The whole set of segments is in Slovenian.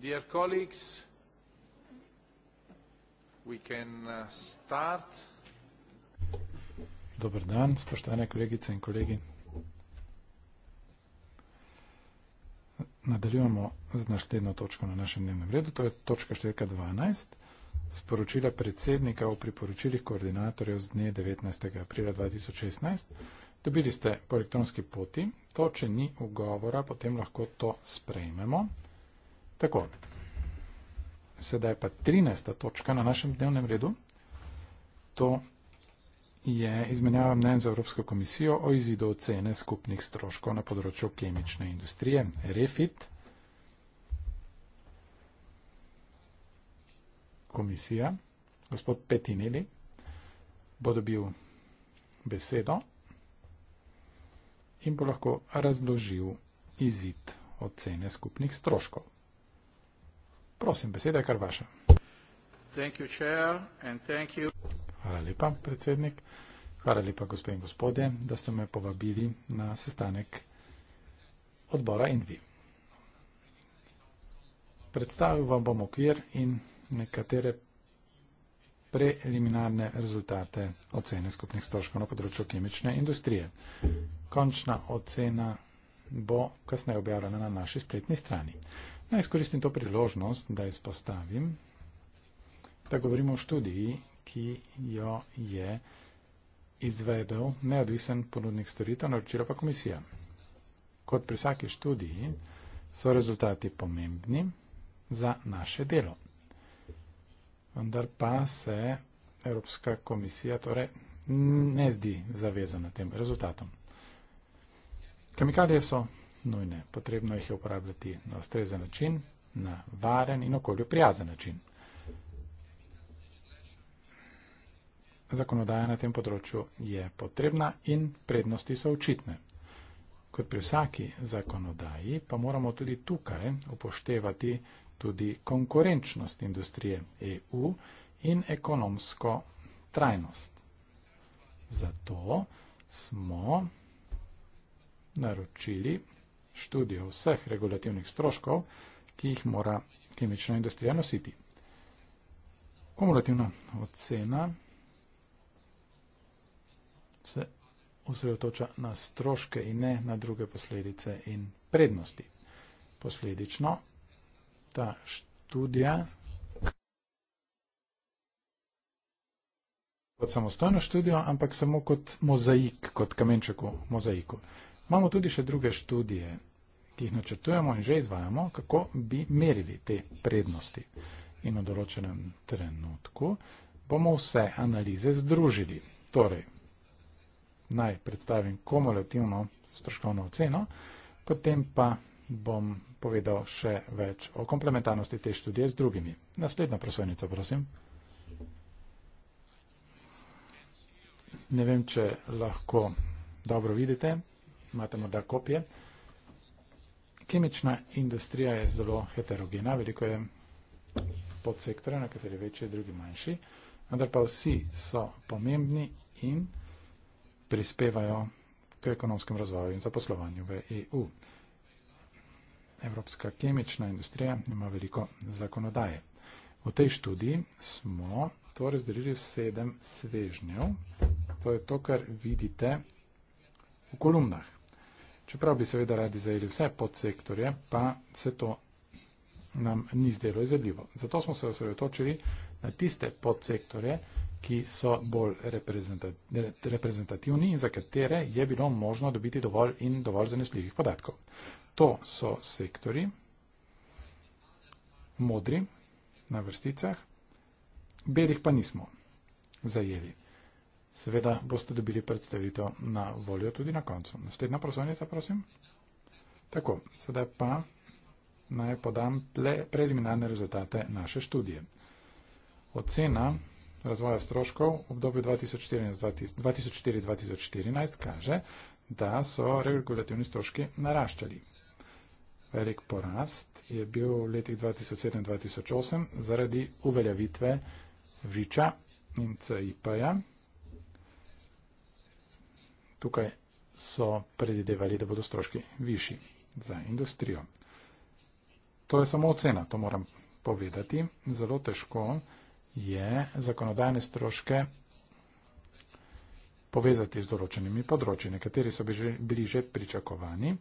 Dear colleagues, we can uh, start. Dober dan, spoštovane kolegice in kolegi. Nadaljujemo z naslednjo točko na našem dnevnem redu, to je točka 4.12. Sporočila predsednika o priporočilih koordinatorjev z dne 19. aprila 2016. Dobili ste po elektronski poti, to, če ni ugovora, potem lahko to sprejmemo. Tako. Sedaj pa 13. točka na našem dnevnem redu. To je izmenjava mnen za Evropsko komisijo o izidu ocene skupnih stroškov na področju kemične industrije. Refit. Komisija. Gospod Petinili bo dobil besedo in bo lahko razložil izid ocene skupnih stroškov. Prosim, beseda je kar vaša. Hvala lepa, predsednik. Hvala lepa, gospe in gospodje, da ste me povabili na sestanek odbora Envi. Predstavil vam bom okvir in nekatere preliminarne rezultate ocene skupnih stroškov na področju kemične industrije. Končna ocena bo kasneje objavljena na naši spletni strani. Naj izkoristim to priložnost, da izpostavim, da govorimo o študiji, ki jo je izvedel neodvisen ponudnik storitev, naročila pa komisija. Kot pri vsaki študiji so rezultati pomembni za naše delo. Vendar pa se Evropska komisija torej ne zdi zavezana tem rezultatom. Kemikalije so nujne. Potrebno jih je uporabljati na ustrezen način, na varen in okolju prijazen način. Zakonodaja na tem področju je potrebna in prednosti so očitne. Kot pri vsaki zakonodaji, pa moramo tudi tukaj upoštevati tudi konkurenčnost industrije EU in ekonomsko trajnost. Zato smo naročili študijo vseh regulativnih stroškov, ki jih mora kemična industrija nositi. Kumulativna ocena se osredotoča na stroške in ne na druge posledice in prednosti. Posledično ta študija kot samostojno študijo, ampak samo kot mozaik, kot kamenček v mozaiku. Imamo tudi še druge študije, ki jih načrtujemo in že izvajamo, kako bi merili te prednosti. In v določenem trenutku bomo vse analize združili. Torej, naj predstavim kumulativno stroškovno oceno, potem pa bom povedal še več o komplementarnosti te študije z drugimi. Naslednja prosojnica, prosim. Ne vem, če lahko dobro vidite, imate morda kopije. Kemična industrija je zelo heterogena, veliko je podsektorjev, na kateri večji, drugi manjši, vendar pa vsi so pomembni in prispevajo k ekonomskem razvoju in zaposlovanju v EU. Evropska kemična industrija ima veliko zakonodaje. V tej študiji smo to razdelili v sedem svežnjev. To je to, kar vidite v kolumnah. Čeprav bi seveda radi zajeli vse podsektorje, pa se to nam ni zdelo izvedljivo. Zato smo se osredotočili na tiste podsektorje, ki so bolj reprezentativni in za katere je bilo možno dobiti dovolj in dovolj zanesljivih podatkov. To so sektori modri na vrsticah, belih pa nismo zajeli. Seveda boste dobili predstavitev na voljo tudi na koncu. Naslednja prosojnica, prosim. Tako, sedaj pa naj podam ple, preliminarne rezultate naše študije. Ocena razvoja stroškov v obdobju 2004-2014 kaže, da so regulativni stroški naraščali. Velik porast je bil v letih 2007-2008 zaradi uveljavitve Vriča in CIP-ja, tukaj so predvidevali, da bodo stroški višji za industrijo. To je samo ocena, to moram povedati. Zelo težko je zakonodajne stroške povezati z določenimi področji. Nekateri so bili že pričakovani,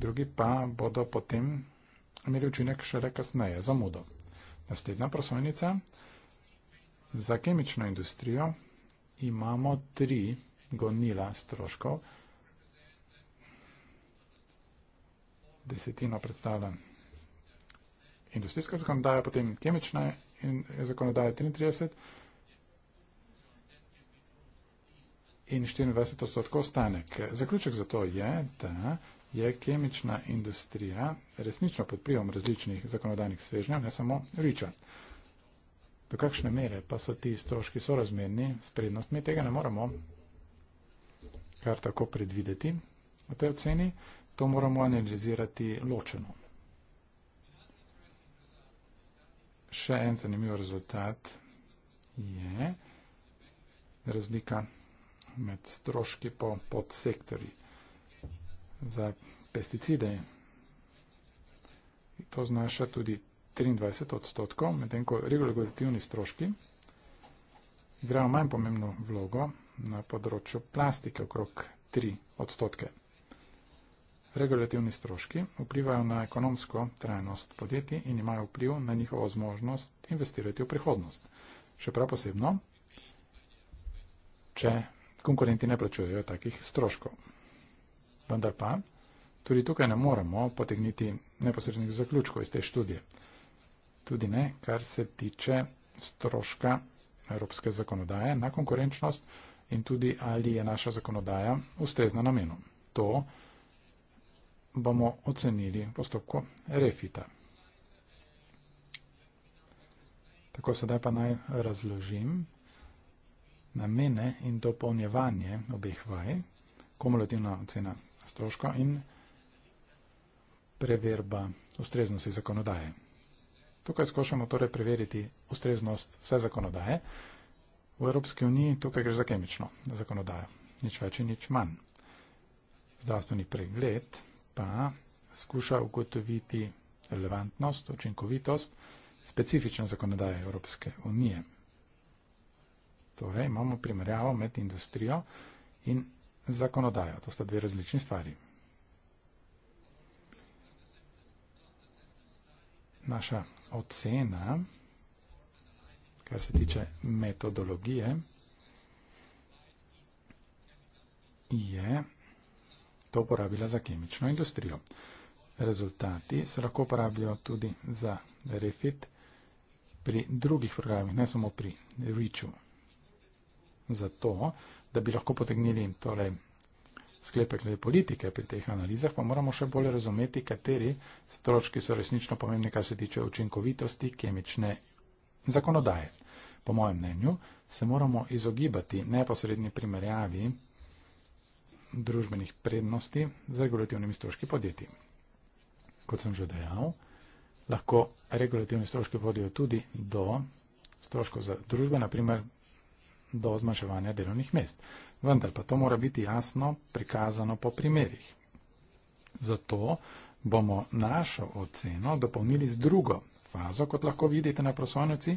drugi pa bodo potem imeli učinek šele kasneje, zamudo. Naslednja prosojnica. Za kemično industrijo imamo tri gonila stroškov. Desetino predstavlja industrijska zakonodaja, potem kemična in zakonodaja 33 in 24 odstotkov stanek. Zaključek za to je, da je kemična industrija resnično pod prijom različnih zakonodajnih svežnjev, ne samo riča. Do kakšne mere pa so ti stroški sorazmerni s prednostmi, tega ne moramo kar tako predvideti v tej oceni, to moramo analizirati ločeno. Še en zanimiv rezultat je razlika med stroški po podsektori za pesticide. To znaša tudi 23 odstotkov, medtem ko regulativni stroški igrajo manj pomembno vlogo, na področju plastike okrog 3 odstotke. Regulativni stroški vplivajo na ekonomsko trajnost podjetij in imajo vpliv na njihovo zmožnost investirati v prihodnost. Še prav posebno, če konkurenti ne plačujejo takih stroškov. Vendar pa, tudi tukaj ne moremo potegniti neposrednih zaključkov iz te študije. Tudi ne, kar se tiče stroška evropske zakonodaje na konkurenčnost in tudi ali je naša zakonodaja ustrezna namenu. To bomo ocenili v postopku refita. Tako sedaj pa naj razložim namene in dopolnjevanje obeh vaj, kumulativna ocena stroška in preverba ustreznosti zakonodaje. Tukaj skušamo torej preveriti ustreznost vse zakonodaje. V Evropski uniji tukaj gre za kemično zakonodajo. Nič več in nič manj. Zdravstveni pregled pa skuša ugotoviti relevantnost, učinkovitost specifične zakonodaje Evropske unije. Torej imamo primerjavo med industrijo in zakonodajo. To sta dve različni stvari. Naša ocena kar se tiče metodologije, je to uporabila za kemično industrijo. Rezultati se lahko uporabljajo tudi za refit pri drugih programih, ne samo pri REACH-u. Zato, da bi lahko potegnili tole sklepe glede politike pri teh analizah, pa moramo še bolje razumeti, kateri stročki so resnično pomembni, kar se tiče učinkovitosti kemične zakonodaje. Po mojem mnenju se moramo izogibati neposredni primerjavi družbenih prednosti z regulativnimi stroški podjetij. Kot sem že dejal, lahko regulativni stroški vodijo tudi do stroškov za družbe, naprimer do zmanjševanja delovnih mest. Vendar pa to mora biti jasno prikazano po primerjih. Zato bomo našo oceno dopolnili z drugo fazo, kot lahko vidite na prosonici,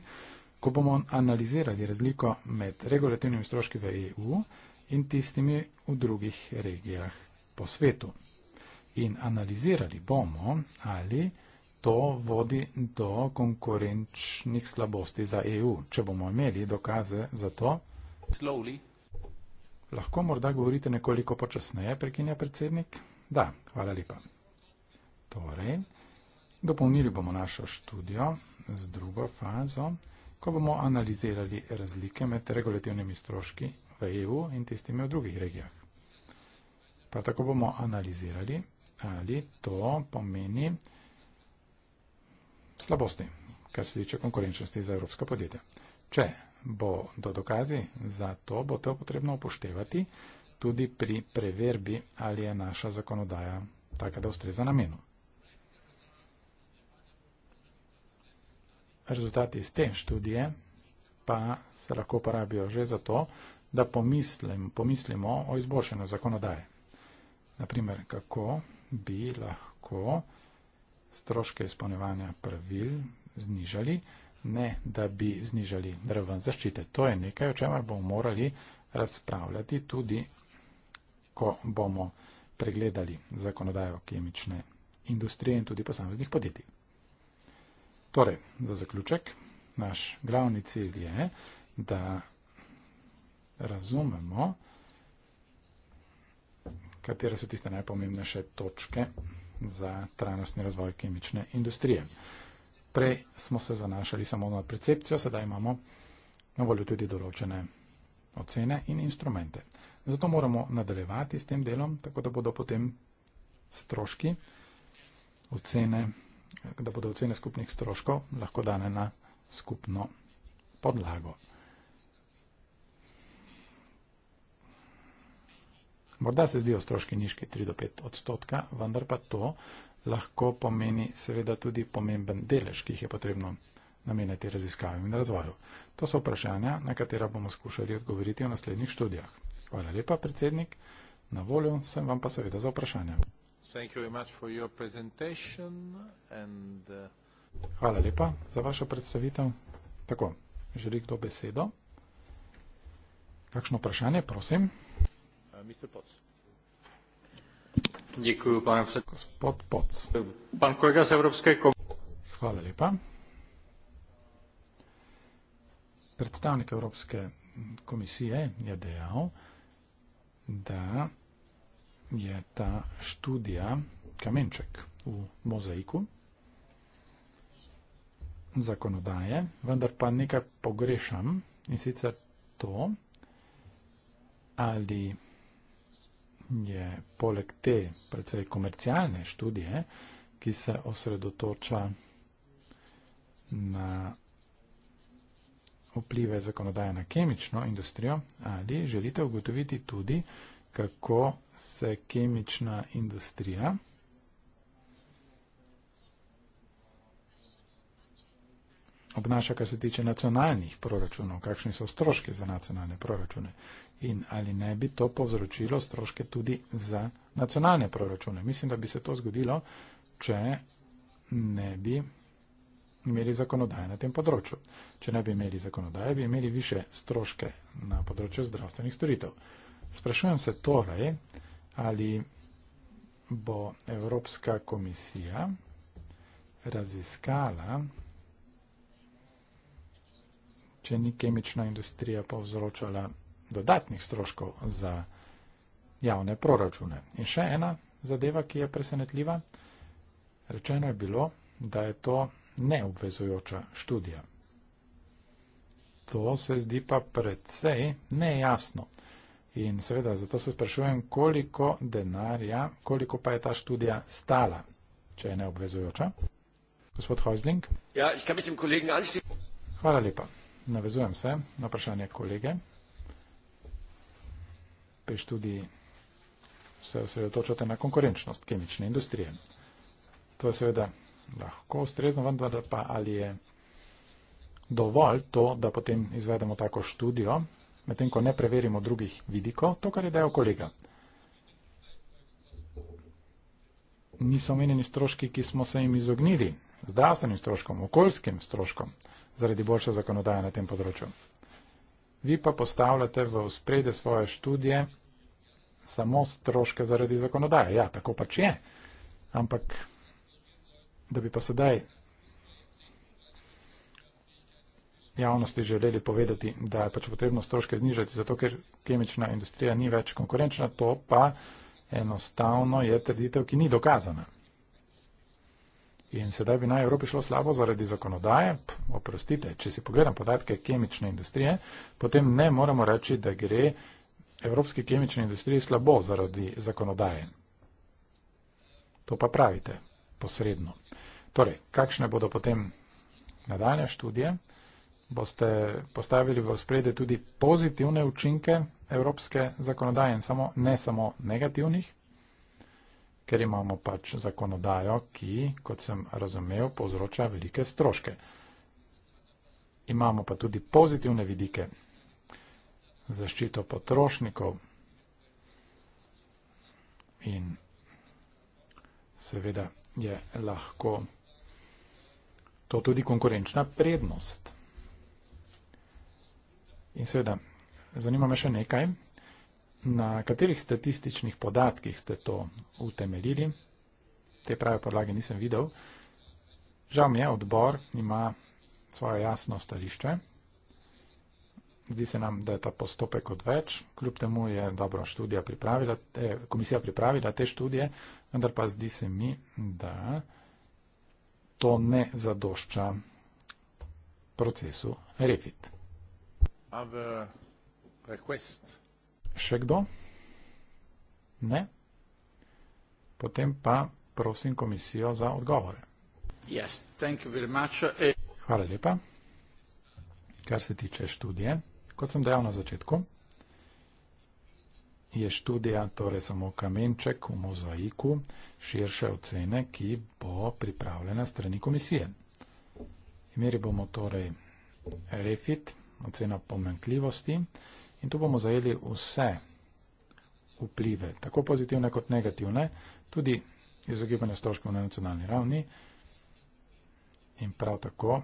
ko bomo analizirali razliko med regulativnimi stroški v EU in tistimi v drugih regijah po svetu. In analizirali bomo, ali to vodi do konkurenčnih slabosti za EU, če bomo imeli dokaze za to. Slowly. Lahko morda govorite nekoliko počasneje, prekinja predsednik? Da, hvala lepa. Torej, Dopolnili bomo našo študijo z drugo fazo, ko bomo analizirali razlike med regulativnimi stroški v EU in tistimi v drugih regijah. Pa tako bomo analizirali, ali to pomeni slabosti, kar se tiče konkurenčnosti za evropska podjetja. Če bo do dokazi za to, bo to potrebno upoštevati tudi pri preverbi, ali je naša zakonodaja taka, da ustreza namenu. rezultati iz te študije pa se lahko uporabijo že zato, da pomislim, pomislimo o izboljšanju zakonodaje. Naprimer, kako bi lahko stroške izpolnjevanja pravil znižali, ne da bi znižali raven zaščite. To je nekaj, o čemer bomo morali razpravljati tudi, ko bomo pregledali zakonodajo kemične industrije in tudi posameznih podjetij. Torej, za zaključek, naš glavni cilj je, da razumemo, katere so tiste najpomembnejše točke za trajnostni razvoj kemične industrije. Prej smo se zanašali samo na percepcijo, sedaj imamo na voljo tudi določene ocene in instrumente. Zato moramo nadaljevati s tem delom, tako da bodo potem stroški ocene da bodo ocene skupnih stroškov lahko dane na skupno podlago. Morda se zdijo stroški nižki 3 do 5 odstotka, vendar pa to lahko pomeni seveda tudi pomemben delež, ki jih je potrebno namenjati raziskavi in razvoju. To so vprašanja, na katera bomo skušali odgovoriti v naslednjih študijah. Hvala lepa, predsednik. Na voljo sem vam pa seveda za vprašanje. Uh, Hvala lepa za vašo predstavitev. Tako, želi kdo besedo? Kakšno vprašanje, prosim? Uh, Děkuji, pane předsedo. Gospod Poc. Pan kolega z Evropské komise. Hvala lepa. Predstavnik Evropske komisije je dejal, da je ta študija kamenček v mozaiku zakonodaje, vendar pa nekaj pogrešam in sicer to, ali je poleg te precej komercialne študije, ki se osredotoča na vplive zakonodaje na kemično industrijo, ali želite ugotoviti tudi, kako se kemična industrija obnaša, kar se tiče nacionalnih proračunov, kakšni so stroške za nacionalne proračune in ali ne bi to povzročilo stroške tudi za nacionalne proračune. Mislim, da bi se to zgodilo, če ne bi imeli zakonodaje na tem področju. Če ne bi imeli zakonodaje, bi imeli više stroške na področju zdravstvenih storitev. Sprašujem se torej, ali bo Evropska komisija raziskala, če ni kemična industrija povzročala dodatnih stroškov za javne proračune. In še ena zadeva, ki je presenetljiva. Rečeno je bilo, da je to neobvezujoča študija. To se zdi pa predvsej nejasno. In seveda, zato se sprašujem, koliko denarja, koliko pa je ta študija stala, če je neobvezujoča. Gospod Hojzling. Ja, ich kann mit dem Kollegen anschließen. Hvala lepa. Navezujem se na vprašanje kolege. Pri študiji se osredotočate na konkurenčnost kemične industrije. To je seveda lahko ustrezno, vendar pa ali je dovolj to, da potem izvedemo tako študijo, medtem ko ne preverimo drugih vidikov, to, kar je dejal kolega. Niso omenjeni stroški, ki smo se jim izognili, zdravstvenim stroškom, okoljskim stroškom, zaradi boljše zakonodaje na tem področju. Vi pa postavljate v spredje svoje študije samo stroške zaradi zakonodaje. Ja, tako pač je. Ampak, da bi pa sedaj javnosti želeli povedati, da je pač potrebno stroške znižati, zato ker kemična industrija ni več konkurenčna, to pa enostavno je trditev, ki ni dokazana. In sedaj bi naj Evropi šlo slabo zaradi zakonodaje. P, oprostite, če si pogledam podatke kemične industrije, potem ne moremo reči, da gre evropski kemični industriji slabo zaradi zakonodaje. To pa pravite posredno. Torej, kakšne bodo potem nadaljne študije? boste postavili v spredje tudi pozitivne učinke evropske zakonodaje in samo, ne samo negativnih, ker imamo pač zakonodajo, ki, kot sem razumel, povzroča velike stroške. Imamo pa tudi pozitivne vidike zaščito potrošnikov in seveda je lahko to tudi konkurenčna prednost. In seveda, zanima me še nekaj, na katerih statističnih podatkih ste to utemeljili, te prave podlage nisem videl. Žal mi je, odbor ima svoje jasno stališče. Zdi se nam, da je ta postopek odveč, kljub temu je dobro študija pripravila, te, komisija pripravila te študije, vendar pa zdi se mi, da to ne zadošča procesu refit. Še kdo? Ne? Potem pa prosim komisijo za odgovore. Yes, thank you very much. E- Hvala lepa. Kar se tiče študije, kot sem dejal na začetku, je študija torej samo kamenček v mozaiku širše ocene, ki bo pripravljena strani komisije. Imeli bomo torej refit ocena pomenkljivosti in tu bomo zajeli vse vplive, tako pozitivne kot negativne, tudi izogibanje stroškov na nacionalni ravni in prav tako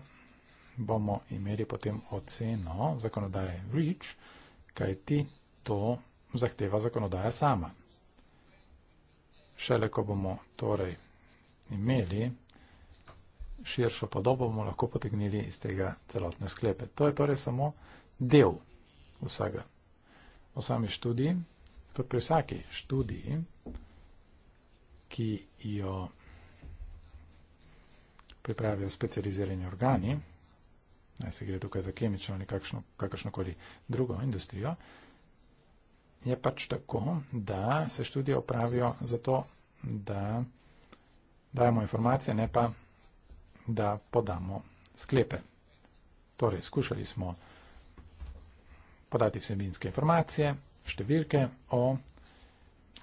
bomo imeli potem oceno zakonodaje REACH, kaj ti to zahteva zakonodaja sama. Šele ko bomo torej imeli širšo podobo bomo lahko potegnili iz tega celotne sklepe. To je torej samo del vsega. O sami študiji, kot pri vsaki študiji, ki jo pripravijo specializirani organi, naj se gre tukaj za kemično ali kakšno, kakšno koli drugo industrijo, je pač tako, da se študije opravijo zato, da dajemo informacije, ne pa da podamo sklepe. Torej, skušali smo podati vsebinske informacije, številke o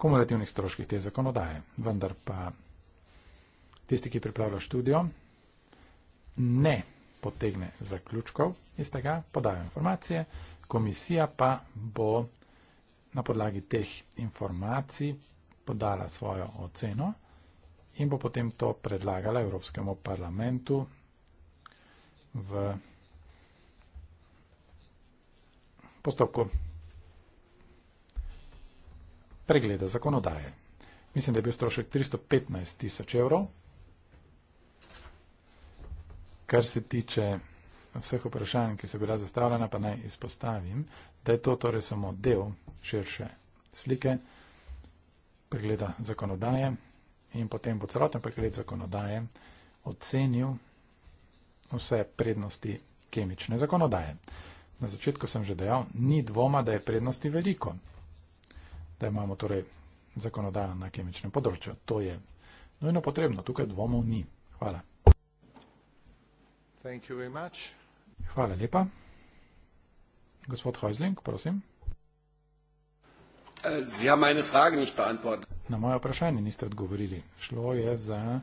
kumulativnih stroških te zakonodaje. Vendar pa tisti, ki pripravlja študijo, ne potegne zaključkov iz tega, podajo informacije, komisija pa bo na podlagi teh informacij podala svojo oceno in bo potem to predlagala Evropskemu parlamentu v postopku pregleda zakonodaje. Mislim, da je bil strošek 315 tisoč evrov. Kar se tiče vseh vprašanj, ki so bila zastavljena, pa naj izpostavim, da je to torej samo del širše slike pregleda zakonodaje in potem bo celoten paket zakonodaje ocenil vse prednosti kemične zakonodaje. Na začetku sem že dejal, ni dvoma, da je prednosti veliko, da imamo torej zakonodajo na kemičnem področju. To je nujno potrebno, tukaj dvomov ni. Hvala. Hvala lepa. Gospod Heusling, prosim. Äh, Sie haben meine Fragen nicht beantwortet na moje vprašanje niste odgovorili. Šlo je za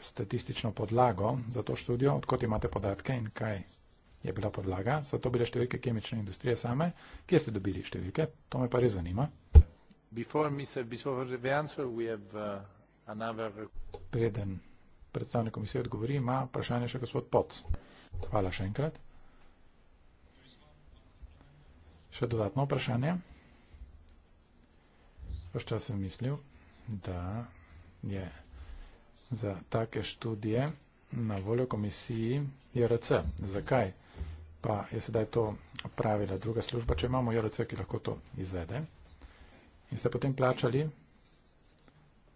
statistično podlago za to študijo, odkot imate podatke in kaj je bila podlaga. So to bile številke kemične industrije same? Kje ste dobili številke? To me pa res zanima. Uh, Preden predstavnik komisije odgovori, ima vprašanje še gospod Poc. Hvala še enkrat. Še dodatno vprašanje. Vš čas sem mislil, da je za take študije na voljo komisiji JRC. Zakaj? Pa je sedaj to pravila druga služba, če imamo JRC, ki lahko to izvede. In ste potem plačali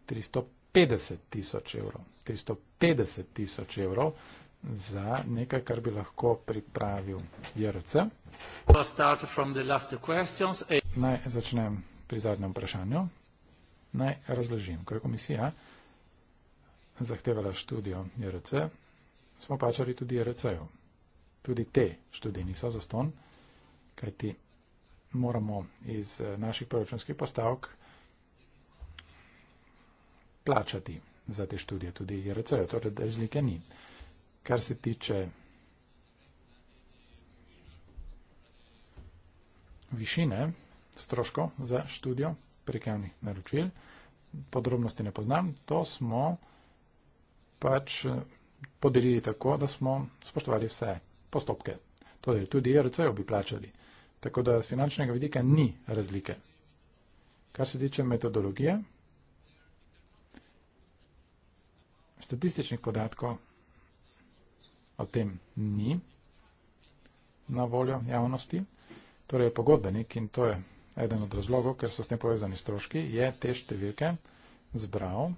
350 tisoč evrov. 350 tisoč evrov za nekaj, kar bi lahko pripravil JRC. Naj začnem pri zadnjem vprašanju. Naj razložim, ko je komisija zahtevala študijo JRC, smo plačali tudi JRC-ju. Tudi te študije niso zaston, kajti moramo iz eh, naših proračunskih postavk plačati za te študije, tudi JRC-ju, torej razlike ni. Kar se tiče višine, stroškov za študijo prek javnih naročil. Podrobnosti ne poznam. To smo pač eh, podelili tako, da smo spoštovali vse postopke. Torej, tudi IRC-jo bi plačali. Tako da z finančnega vidika ni razlike. Kar se tiče metodologije, statističnih podatkov o tem ni na voljo javnosti. Torej, je pogodbenik in to je eden od razlogov, ker so s tem povezani stroški, je te številke zbral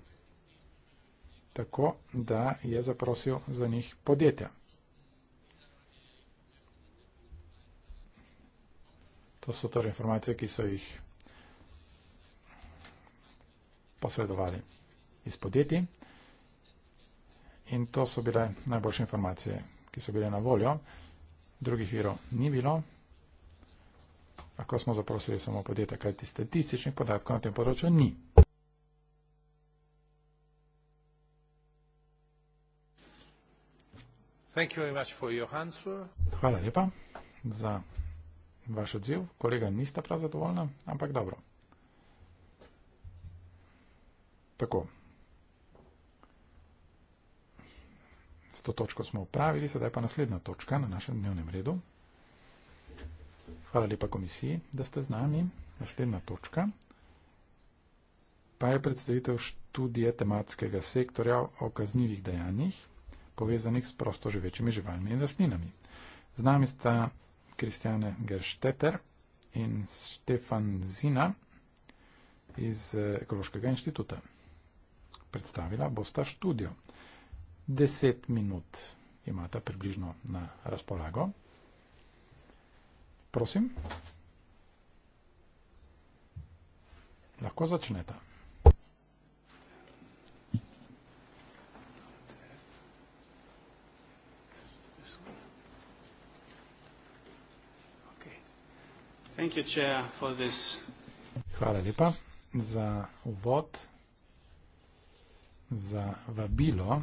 tako, da je zaprosil za njih podjetja. To so torej informacije, ki so jih posredovali iz podjetij. In to so bile najboljše informacije, ki so bile na voljo. Drugih virov ni bilo lahko smo zaprosili samo podjetja, kajti statističnih podatkov na tem področju ni. Thank you very much for your answer. Hvala lepa za vaš odziv. Kolega, nista prav zadovoljna, ampak dobro. Tako. S to točko smo upravili, sedaj pa naslednja točka na našem dnevnem redu. Hvala lepa komisiji, da ste z nami. Naslednja točka pa je predstavitev študije tematskega sektorja o kaznjivih dejanjih, povezanih s prosto živečimi živalmi in rastlinami. Z nami sta Kristjane Gerštetter in Štefan Zina iz eh, Ekološkega inštituta. Predstavila bosta študijo. Deset minut imata približno na razpolago. Prosim. Lahko začneta. Hvala lepa za uvod, za vabilo,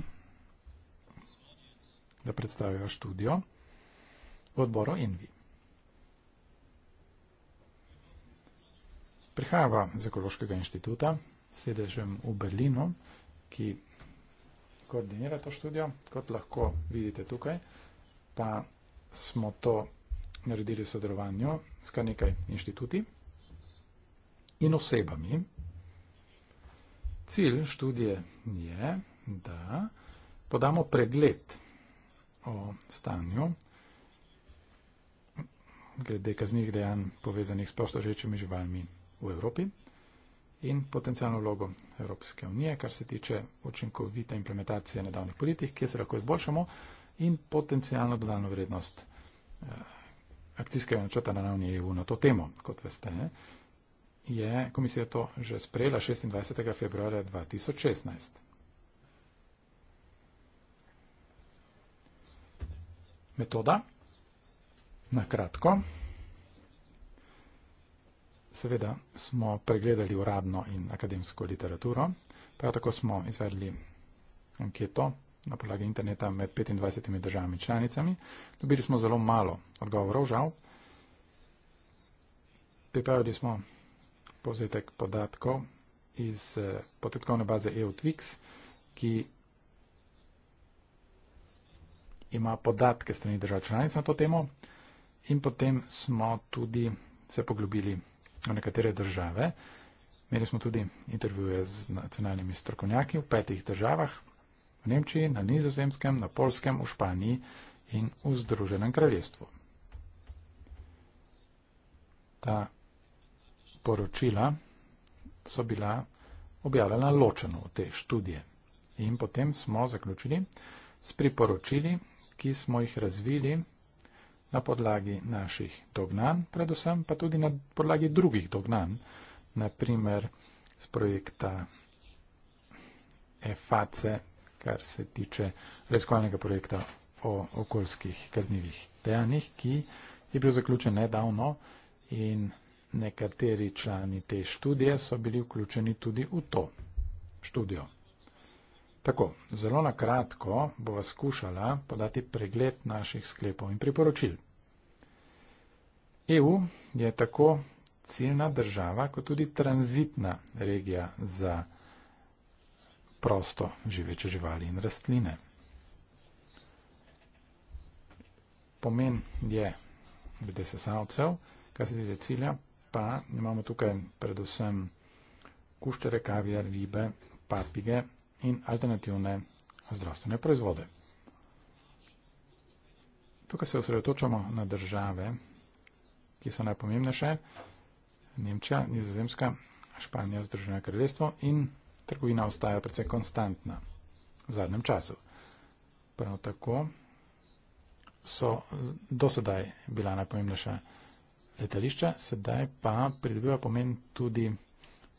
da predstavijo študijo v odboru Envi. Prihajava z Ekološkega inštituta, sedežem v Berlinu, ki koordinira to študijo, kot lahko vidite tukaj, pa smo to naredili v sodelovanju s kar nekaj inštituti in osebami. Cilj študije je, da podamo pregled o stanju glede kaznih dejanj povezanih s prostoživečimi živalmi v Evropi in potencijalno vlogo Evropske unije, kar se tiče učinkovite implementacije nedavnih politik, kje se lahko izboljšamo in potencijalno dodano vrednost eh, akcijskega načrta na ravni EU na to temo, kot veste, je komisija to že sprejela 26. februarja 2016. Metoda, na kratko, Seveda smo pregledali uradno in akademsko literaturo, prav tako smo izvedli anketo na podlagi interneta med 25 državami članicami. Dobili smo zelo malo odgovorov, žal. Pripravili smo povzetek podatkov iz eh, podatkovne baze EUTVIX, ki ima podatke strani držav članic na to temo in potem smo tudi se poglobili v nekatere države. Imeli smo tudi intervjuje z nacionalnimi strokovnjaki v petih državah, v Nemčiji, na nizozemskem, na polskem, v Španiji in v Združenem kraljestvu. Ta poročila so bila objavljena ločeno v te študije in potem smo zaključili s priporočili, ki smo jih razvili na podlagi naših dognanj, predvsem pa tudi na podlagi drugih dognanj, naprimer z projekta EFACE, kar se tiče reskovalnega projekta o okoljskih kaznivih dejanjih, ki je bil zaključen nedavno in nekateri člani te študije so bili vključeni tudi v to študijo. Tako, zelo na kratko bova skušala podati pregled naših sklepov in priporočil. EU je tako ciljna država, kot tudi tranzitna regija za prosto živeče živali in rastline. Pomen je glede sesalcev, kar se tiče cilja, pa imamo tukaj predvsem kuščere, kavijar, ribe, papige, in alternativne zdravstvene proizvode. Tukaj se osredotočamo na države, ki so najpomembnejše, Nemčija, Nizozemska, Španija, Združeno kraljestvo in trgovina ostaja precej konstantna v zadnjem času. Prav tako so dosedaj bila najpomembnejša letališča, sedaj pa pridobiva pomen tudi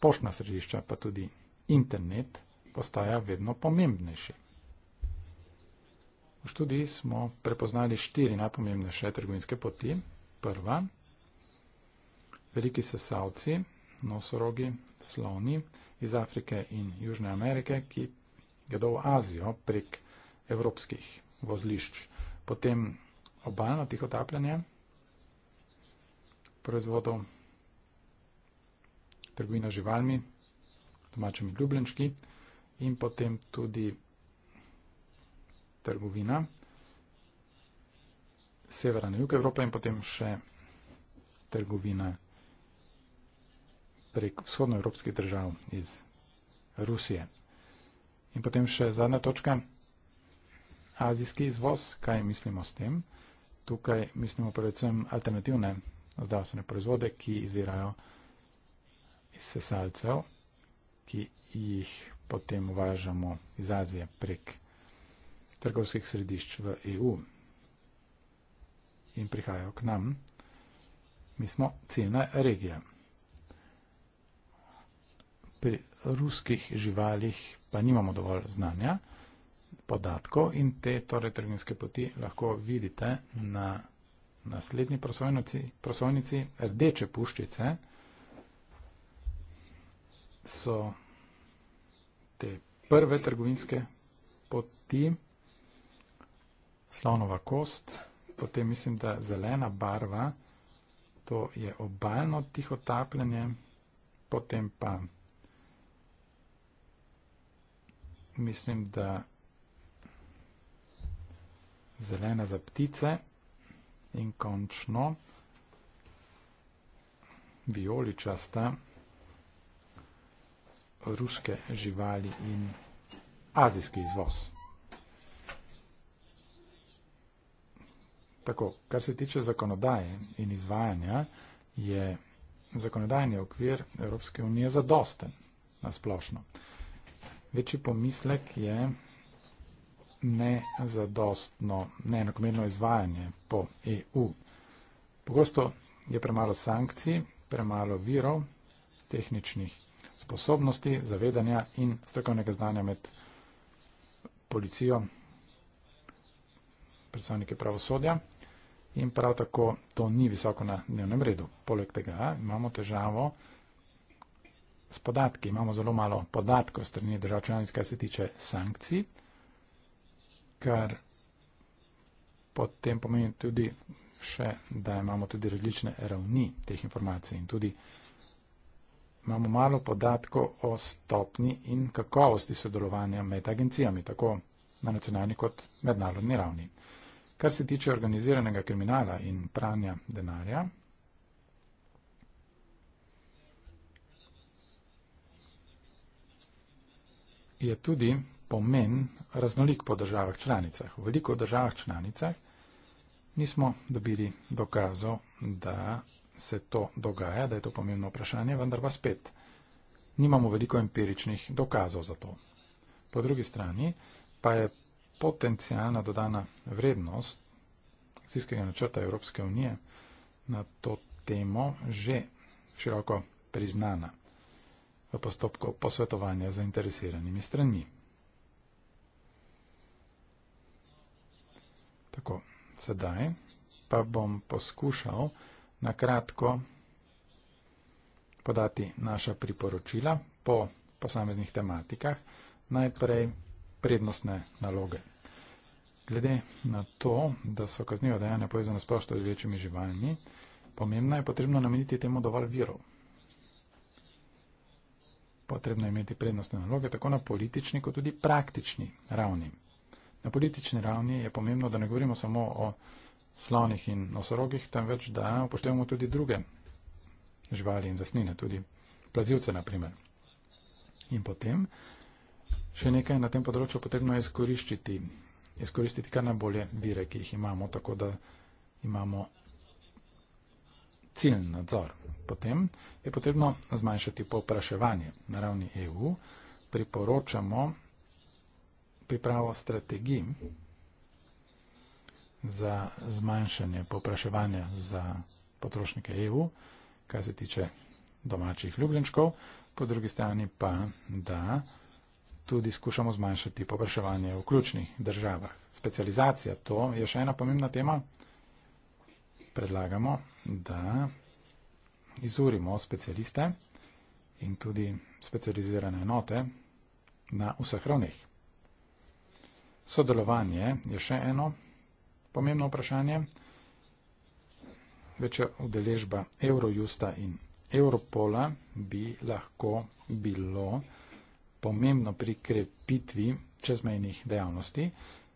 poštna središča, pa tudi internet postaja vedno pomembnejši. V študiji smo prepoznali štiri najpomembnejše trgovinske poti. Prva, veliki sesalci, nosorogi, sloni iz Afrike in Južne Amerike, ki gredo v Azijo prek evropskih vozlišč. Potem obalno tiho tapljanje proizvodov, trgovina živalmi, domačimi ljubljenčki in potem tudi trgovina severa na jug Evrope in potem še trgovina prek vzhodnoevropskih držav iz Rusije. In potem še zadnja točka, azijski izvoz, kaj mislimo s tem? Tukaj mislimo predvsem alternativne zdravstvene proizvode, ki izvirajo iz sesalcev, ki jih potem uvažamo iz Azije prek trgovskih središč v EU in prihajajo k nam. Mi smo ciljna regija. Pri ruskih živalih pa nimamo dovolj znanja, podatkov in te torej trgovinske poti lahko vidite na naslednji prosojnici, prosojnici rdeče puščice so te prve trgovinske poti, slonova kost, potem mislim, da zelena barva, to je obaljno tiho tapljanje, potem pa mislim, da zelena za ptice in končno vijoličasta vijoličasta ruske živali in azijski izvoz. Tako, kar se tiče zakonodaje in izvajanja, je zakonodajni okvir Evropske unije zadosten na splošno. Večji pomislek je nezadostno, neenakomerno izvajanje po EU. Pogosto je premalo sankcij, premalo virov, tehničnih sposobnosti, zavedanja in strokovnega znanja med policijo, predstavniki pravosodja in prav tako to ni visoko na dnevnem redu. Poleg tega imamo težavo s podatki, imamo zelo malo podatkov strani držav članic, kar se tiče sankcij, kar potem pomeni tudi še, da imamo tudi različne ravni teh informacij in tudi imamo malo podatkov o stopni in kakovosti sodelovanja med agencijami, tako na nacionalni kot mednarodni ravni. Kar se tiče organiziranega kriminala in pranja denarja, je tudi pomen raznolik po državah članicah. V veliko državah članicah nismo dobili dokazov, da se to dogaja, da je to pomembno vprašanje, vendar pa spet nimamo veliko empiričnih dokazov za to. Po drugi strani pa je potencijalna dodana vrednost akcijskega načrta Evropske unije na to temo že široko priznana v postopku posvetovanja z zainteresiranimi stranmi. Tako, sedaj pa bom poskušal na kratko podati naša priporočila po posameznih tematikah. Najprej prednostne naloge. Glede na to, da so kaznivo dejanje povezane s prosto z večjimi živalmi, pomembno je potrebno nameniti temu dovolj virov. Potrebno je imeti prednostne naloge tako na politični kot tudi praktični ravni. Na politični ravni je pomembno, da ne govorimo samo o slonih in nosorogih, temveč da upoštevamo tudi druge živali in rastline, tudi plazivce naprimer. In potem še nekaj na tem področju potrebno je izkoriščiti, izkoristiti kar najbolje vire, ki jih imamo, tako da imamo ciljni nadzor. Potem je potrebno zmanjšati popraševanje na ravni EU, priporočamo pripravo strategij za zmanjšanje popraševanja za potrošnike EU, kar se tiče domačih ljubljenčkov, po drugi strani pa, da tudi skušamo zmanjšati popraševanje v ključnih državah. Specializacija, to je še ena pomembna tema. Predlagamo, da izurimo specialiste in tudi specializirane enote na vseh ravneh. Sodelovanje je še eno pomembno vprašanje. Večja udeležba Eurojusta in Europola bi lahko bilo pomembno pri krepitvi čezmejnih dejavnosti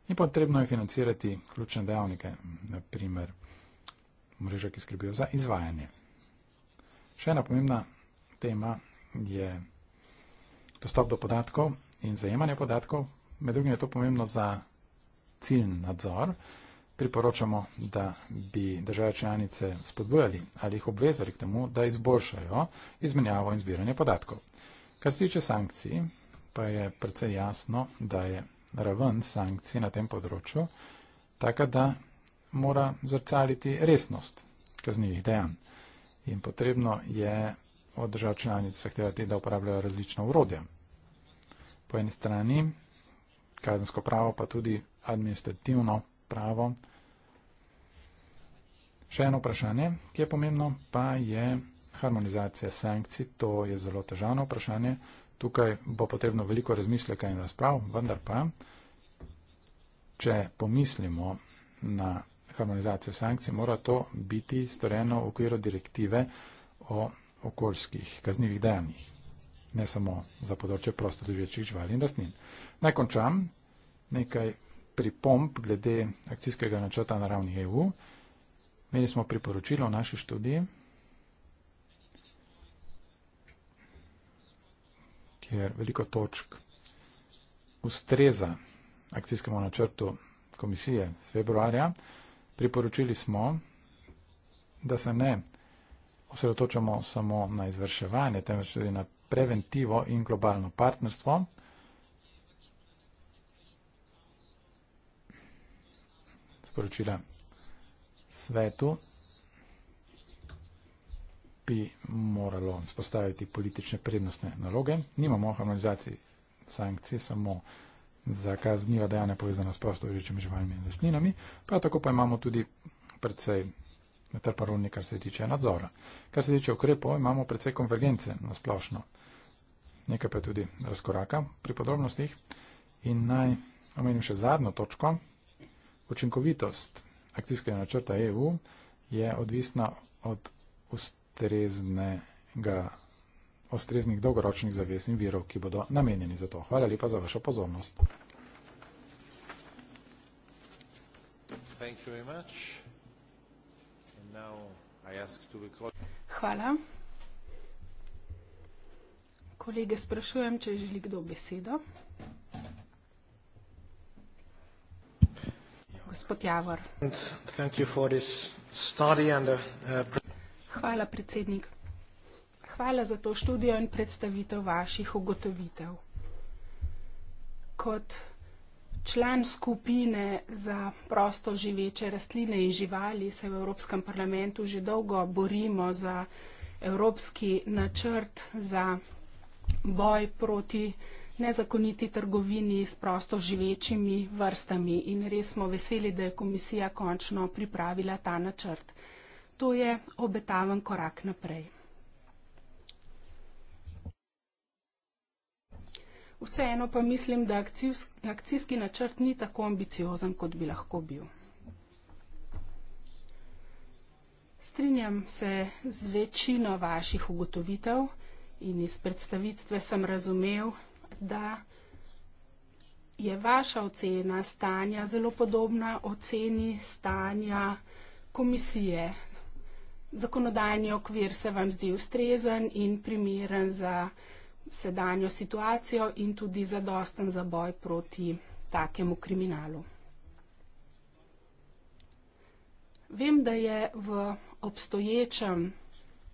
in potrebno je financirati ključne dejavnike, naprimer mreža, ki skrbijo za izvajanje. Še ena pomembna tema je dostop do podatkov in zajemanje podatkov. Med drugim je to pomembno za ciljni nadzor priporočamo, da bi države članice spodbujali ali jih obvezali k temu, da izboljšajo izmenjavo in zbiranje podatkov. Kar se tiče sankcij, pa je predvsej jasno, da je raven sankcij na tem področju taka, da mora zrcaliti resnost kaznjivih dejanj. In potrebno je od držav članic zahtevati, da uporabljajo različna urodja. Po eni strani kazensko pravo, pa tudi administrativno razpravo. Še eno vprašanje, ki je pomembno, pa je harmonizacija sankcij. To je zelo težano vprašanje. Tukaj bo potrebno veliko razmisleka in razprav, vendar pa, če pomislimo na harmonizacijo sankcij, mora to biti storjeno v okviru direktive o okoljskih kaznjivih dejanjih, ne samo za področje prostotužečih živali in rastlin. Naj končam nekaj pripomp glede akcijskega načrta na ravni EU. Imeli smo priporočilo v naši študiji, kjer veliko točk ustreza akcijskemu načrtu komisije z februarja. Priporočili smo, da se ne osredotočamo samo na izvrševanje, temveč tudi na preventivo in globalno partnerstvo. sporočila svetu, bi moralo spostaviti politične prednostne naloge. Nimamo harmonizacij sankcij samo za kaznjiva dejanja povezana s prostovoljčimi živalmi in lesninami, prav tako pa imamo tudi predvsej trparovni, kar se tiče nadzora. Kar se tiče ukrepov, imamo predvsej konvergence na splošno, nekaj pa tudi razkoraka pri podrobnostih. In naj omenim še zadnjo točko, Učinkovitost akcijskega načrta EU je odvisna od ustreznega, ustreznih dolgoročnih zavez in virov, ki bodo namenjeni za to. Hvala lepa za vašo pozornost. Hvala. Kolege sprašujem, če želi kdo besedo. gospod Javor. Uh, Hvala, predsednik. Hvala za to študijo in predstavitev vaših ugotovitev. Kot član skupine za prosto živeče rastline in živali se v Evropskem parlamentu že dolgo borimo za evropski načrt za boj proti nezakoniti trgovini s prosto živečimi vrstami in res smo veseli, da je komisija končno pripravila ta načrt. To je obetaven korak naprej. Vseeno pa mislim, da akcijski načrt ni tako ambiciozen, kot bi lahko bil. Strinjam se z večino vaših ugotovitev in iz predstavitve sem razumev, da je vaša ocena stanja zelo podobna oceni stanja komisije. Zakonodajni okvir se vam zdi ustrezen in primeren za sedanjo situacijo in tudi zadosten za boj proti takemu kriminalu. Vem, da je v obstoječem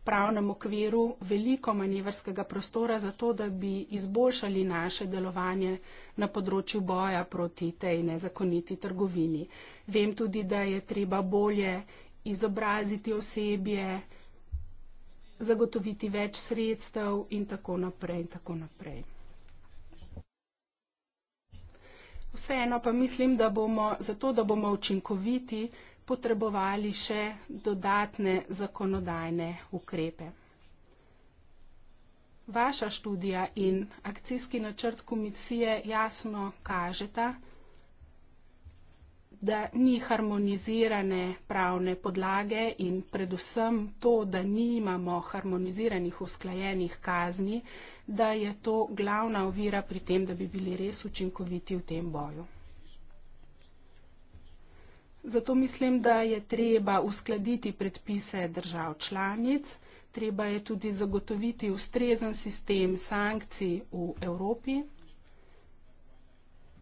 pravnem okviru veliko manevrskega prostora za to, da bi izboljšali naše delovanje na področju boja proti tej nezakoniti trgovini. Vem tudi, da je treba bolje izobraziti osebje, zagotoviti več sredstev in tako naprej in tako naprej. Vseeno pa mislim, da bomo, zato da bomo učinkoviti, potrebovali še dodatne zakonodajne ukrepe. Vaša študija in akcijski načrt komisije jasno kažeta, da ni harmonizirane pravne podlage in predvsem to, da nimamo harmoniziranih usklajenih kazni, da je to glavna ovira pri tem, da bi bili res učinkoviti v tem boju. Zato mislim, da je treba uskladiti predpise držav članic, treba je tudi zagotoviti ustrezen sistem sankcij v Evropi,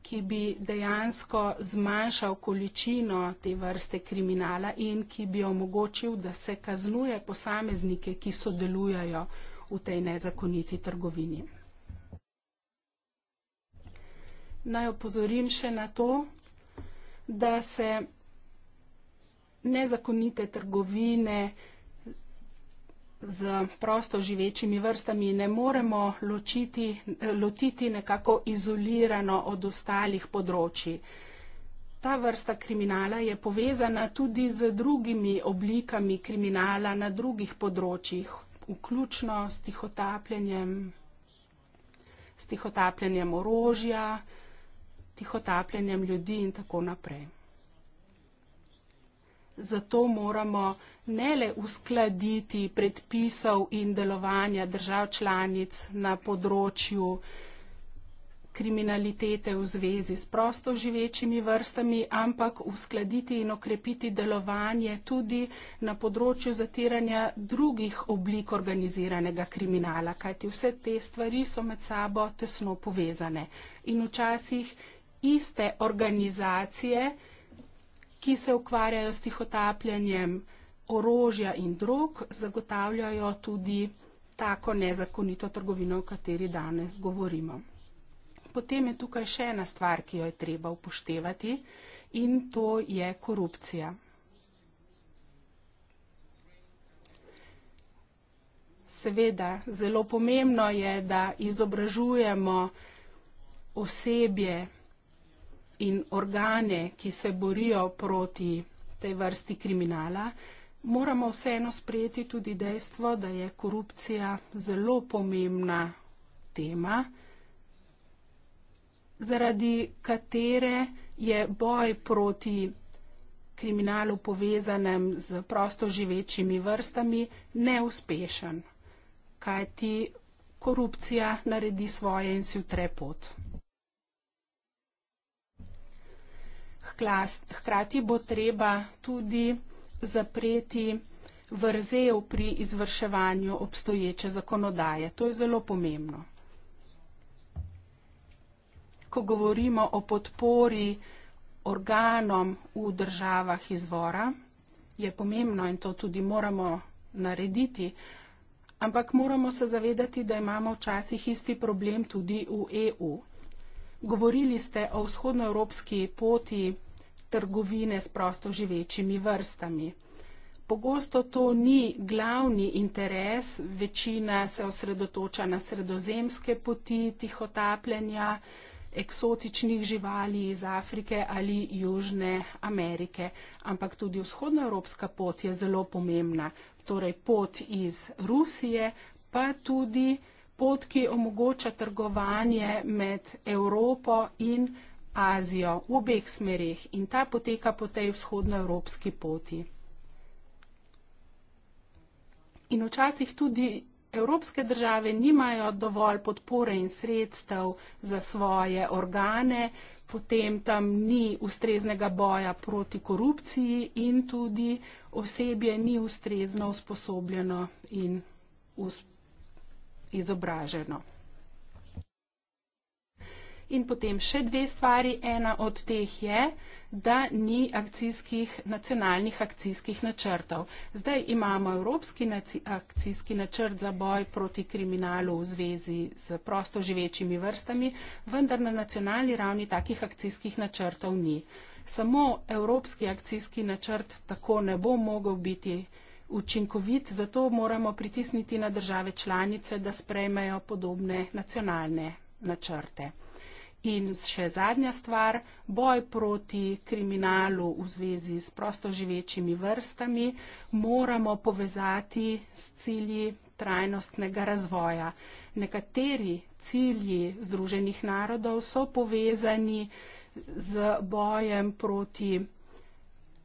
ki bi dejansko zmanjšal količino te vrste kriminala in ki bi omogočil, da se kaznuje posameznike, ki sodelujajo v tej nezakoniti trgovini. Naj opozorim še na to, da se nezakonite trgovine z prosto živečimi vrstami ne moremo ločiti, lotiti nekako izolirano od ostalih področji. Ta vrsta kriminala je povezana tudi z drugimi oblikami kriminala na drugih področjih, vključno s tihotapljenjem, s tihotapljenjem orožja, tihotapljenjem ljudi in tako naprej zato moramo ne le uskladiti predpisov in delovanja držav članic na področju kriminalitete v zvezi s prosto živečimi vrstami, ampak uskladiti in okrepiti delovanje tudi na področju zatiranja drugih oblik organiziranega kriminala, kajti vse te stvari so med sabo tesno povezane. In včasih iste organizacije, ki se ukvarjajo s tihotapljanjem orožja in drog, zagotavljajo tudi tako nezakonito trgovino, o kateri danes govorimo. Potem je tukaj še ena stvar, ki jo je treba upoštevati in to je korupcija. Seveda, zelo pomembno je, da izobražujemo osebje, in organe, ki se borijo proti tej vrsti kriminala, moramo vseeno sprejeti tudi dejstvo, da je korupcija zelo pomembna tema, zaradi katere je boj proti kriminalu povezanem z prosto živečimi vrstami neuspešen, kajti korupcija naredi svoje in si utre pot. Hkrati bo treba tudi zapreti vrzel pri izvrševanju obstoječe zakonodaje. To je zelo pomembno. Ko govorimo o podpori organom v državah izvora, je pomembno in to tudi moramo narediti, ampak moramo se zavedati, da imamo včasih isti problem tudi v EU. Govorili ste o vzhodnoevropski poti trgovine s prosto živečimi vrstami. Pogosto to ni glavni interes, večina se osredotoča na sredozemske poti tihotapljanja eksotičnih živali iz Afrike ali Južne Amerike, ampak tudi vzhodnoevropska pot je zelo pomembna, torej pot iz Rusije, pa tudi pot, ki omogoča trgovanje med Evropo in Evropo. Azijo v obeh smereh in ta poteka po tej vzhodnoevropski poti. In včasih tudi evropske države nimajo dovolj podpore in sredstev za svoje organe, potem tam ni ustreznega boja proti korupciji in tudi osebje ni ustrezno usposobljeno in izobraženo. In potem še dve stvari. Ena od teh je, da ni akcijskih, nacionalnih akcijskih načrtov. Zdaj imamo Evropski akcijski načrt za boj proti kriminalu v zvezi z prosto živečimi vrstami, vendar na nacionalni ravni takih akcijskih načrtov ni. Samo Evropski akcijski načrt tako ne bo mogel biti učinkovit, zato moramo pritisniti na države članice, da sprejmejo podobne nacionalne načrte. In še zadnja stvar, boj proti kriminalu v zvezi s prostoživečimi vrstami moramo povezati s cilji trajnostnega razvoja. Nekateri cilji Združenih narodov so povezani z bojem proti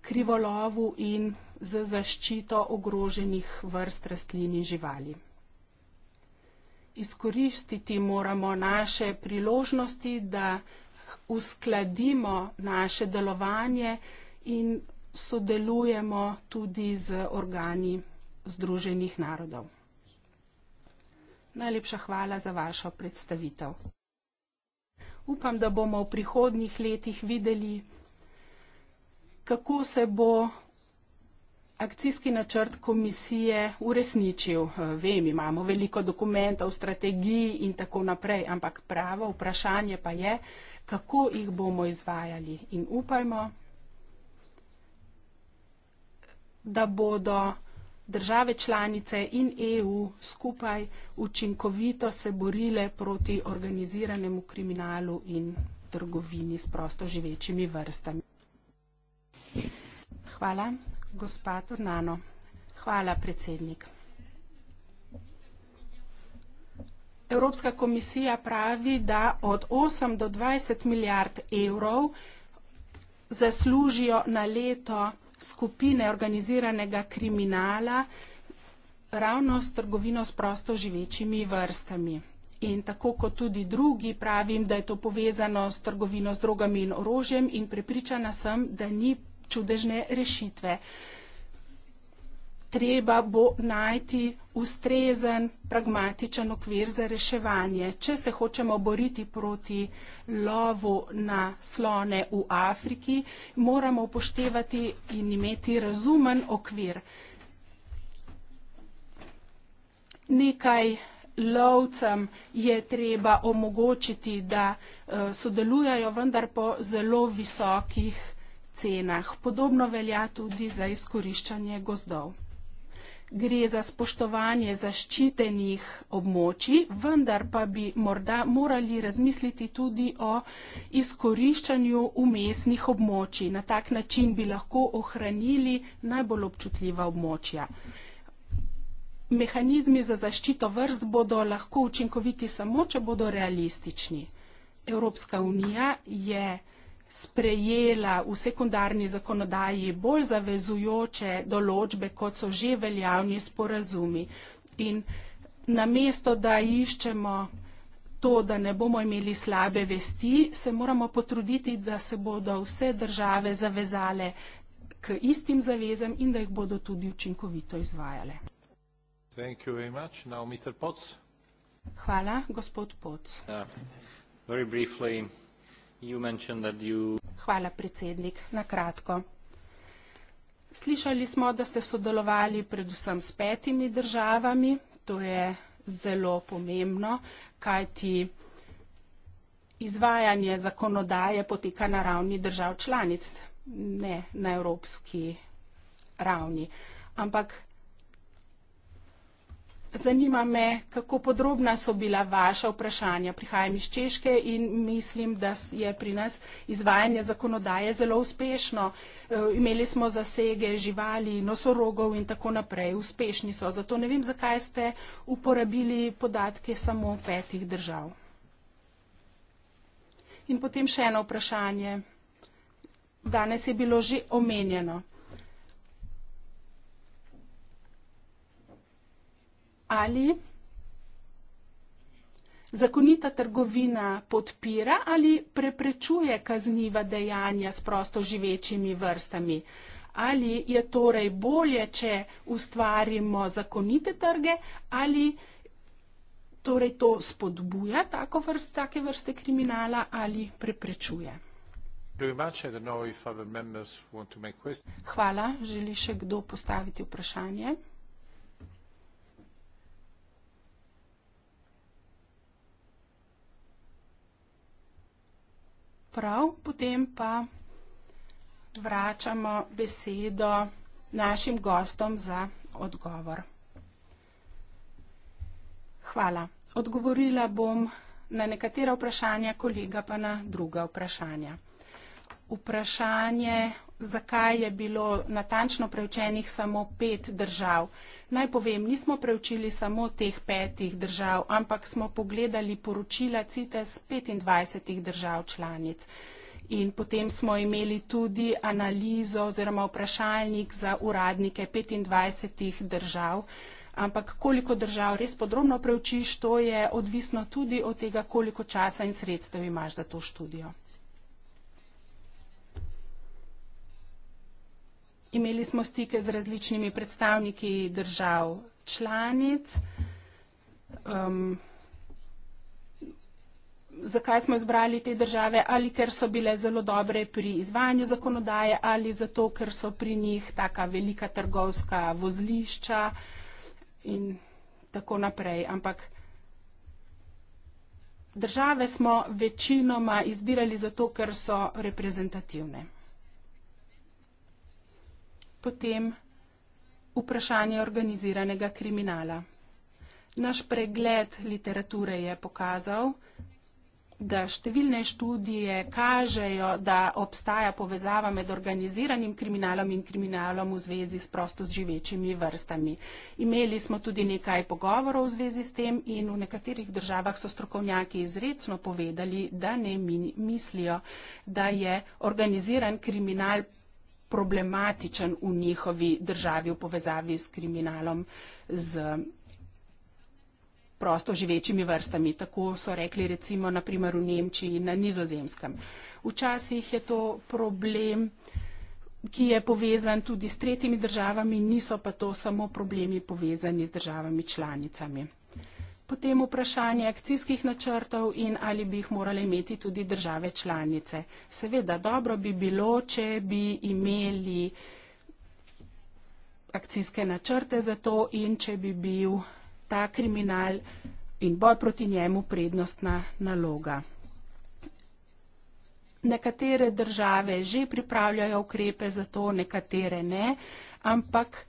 krivolovu in z zaščito ogroženih vrst rastlin in živali izkoristiti moramo naše priložnosti, da uskladimo naše delovanje in sodelujemo tudi z organi Združenih narodov. Najlepša hvala za vašo predstavitev. Upam, da bomo v prihodnjih letih videli, kako se bo akcijski načrt komisije uresničil. Eh, vem, imamo veliko dokumentov, strategiji in tako naprej, ampak pravo vprašanje pa je, kako jih bomo izvajali in upajmo, da bodo države članice in EU skupaj učinkovito se borile proti organiziranemu kriminalu in trgovini s prostoživečimi vrstami. Hvala. Gospa Tornano. Hvala, predsednik. Evropska komisija pravi, da od 8 do 20 milijard evrov zaslužijo na leto skupine organiziranega kriminala ravno s trgovino s prosto živečimi vrstami. In tako kot tudi drugi pravim, da je to povezano s trgovino z drogami in orožjem in prepričana sem, da ni čudežne rešitve. Treba bo najti ustrezen, pragmatičen okvir za reševanje. Če se hočemo boriti proti lovu na slone v Afriki, moramo upoštevati in imeti razumen okvir. Nekaj lovcem je treba omogočiti, da eh, sodelujajo vendar po zelo visokih vsega cenah. Podobno velja tudi za izkoriščanje gozdov. Gre za spoštovanje zaščitenih območij, vendar pa bi morda morali razmisliti tudi o izkoriščanju umestnih območij. Na tak način bi lahko ohranili najbolj občutljiva območja. Mehanizmi za zaščito vrst bodo lahko učinkoviti samo, če bodo realistični. Evropska unija je sprejela v sekundarni zakonodaji bolj zavezujoče določbe, kot so že veljavni sporazumi. In namesto, da iščemo to, da ne bomo imeli slabe vesti, se moramo potruditi, da se bodo vse države zavezale k istim zavezam in da jih bodo tudi učinkovito izvajale. Thank you very much. Now, Mr. Potts. Hvala, gospod Potts. Uh, very briefly, Hvala, predsednik. Na kratko. Slišali smo, da ste sodelovali predvsem s petimi državami. To je zelo pomembno, kajti izvajanje zakonodaje poteka na ravni držav članic, ne na evropski ravni. Ampak Zanima me, kako podrobna so bila vaša vprašanja. Prihajam iz Češke in mislim, da je pri nas izvajanje zakonodaje zelo uspešno. E, imeli smo zasege živali, nosorogov in tako naprej. Uspešni so. Zato ne vem, zakaj ste uporabili podatke samo petih držav. In potem še eno vprašanje. Danes je bilo že omenjeno. ali zakonita trgovina podpira ali preprečuje kazniva dejanja s prosto živečimi vrstami. Ali je torej bolje, če ustvarimo zakonite trge ali torej to spodbuja tako vrst, take vrste kriminala ali preprečuje. Hvala. Želi še kdo postaviti vprašanje? prav, potem pa vračamo besedo našim gostom za odgovor. Hvala. Odgovorila bom na nekatera vprašanja, kolega pa na druga vprašanja. Vprašanje, zakaj je bilo natančno preučenih samo pet držav. Naj povem, nismo preučili samo teh petih držav, ampak smo pogledali poročila CITES 25 držav članic. In potem smo imeli tudi analizo oziroma vprašalnik za uradnike 25 držav. Ampak koliko držav res podrobno preučiš, to je odvisno tudi od tega, koliko časa in sredstev imaš za to študijo. Imeli smo stike z različnimi predstavniki držav članic. Um, zakaj smo izbrali te države? Ali ker so bile zelo dobre pri izvajanju zakonodaje, ali zato, ker so pri njih taka velika trgovska vozlišča in tako naprej. Ampak države smo večinoma izbirali zato, ker so reprezentativne potem vprašanje organiziranega kriminala. Naš pregled literature je pokazal, da številne študije kažejo, da obstaja povezava med organiziranim kriminalom in kriminalom v zvezi s prosto živečimi vrstami. Imeli smo tudi nekaj pogovorov v zvezi s tem in v nekaterih državah so strokovnjaki izredno povedali, da ne mislijo, da je organiziran kriminal problematičen v njihovi državi v povezavi s kriminalom, z prosto živečimi vrstami. Tako so rekli recimo naprimer v Nemčiji in na nizozemskem. Včasih je to problem, ki je povezan tudi s tretjimi državami, niso pa to samo problemi povezani z državami članicami. Potem vprašanje akcijskih načrtov in ali bi jih morali imeti tudi države članice. Seveda, dobro bi bilo, če bi imeli akcijske načrte za to in če bi bil ta kriminal in boj proti njemu prednostna naloga. Nekatere države že pripravljajo ukrepe za to, nekatere ne, ampak.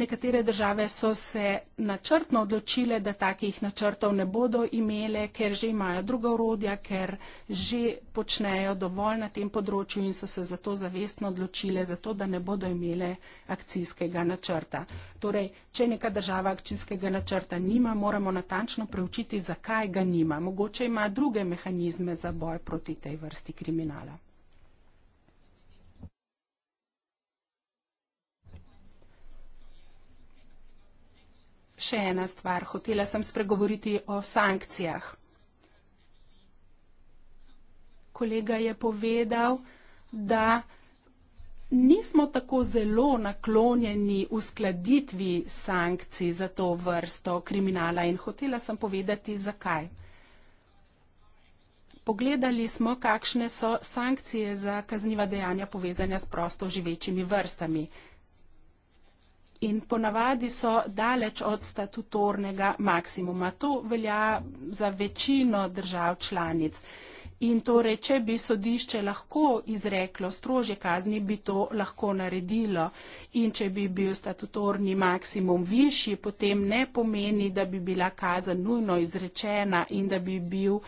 Nekatere države so se načrtno odločile, da takih načrtov ne bodo imele, ker že imajo druga urodja, ker že počnejo dovolj na tem področju in so se zato zavestno odločile, zato da ne bodo imele akcijskega načrta. Torej, če neka država akcijskega načrta nima, moramo natančno preučiti, zakaj ga nima. Mogoče ima druge mehanizme za boj proti tej vrsti kriminala. še ena stvar. Hotela sem spregovoriti o sankcijah. Kolega je povedal, da nismo tako zelo naklonjeni uskladitvi sankcij za to vrsto kriminala in hotela sem povedati, zakaj. Pogledali smo, kakšne so sankcije za kaznjiva dejanja povezanja s prosto živečimi vrstami in ponavadi so daleč od statutornega maksimuma. To velja za večino držav članic. In torej, če bi sodišče lahko izreklo strože kazni, bi to lahko naredilo. In če bi bil statutorni maksimum višji, potem ne pomeni, da bi bila kazen nujno izrečena in da bi bil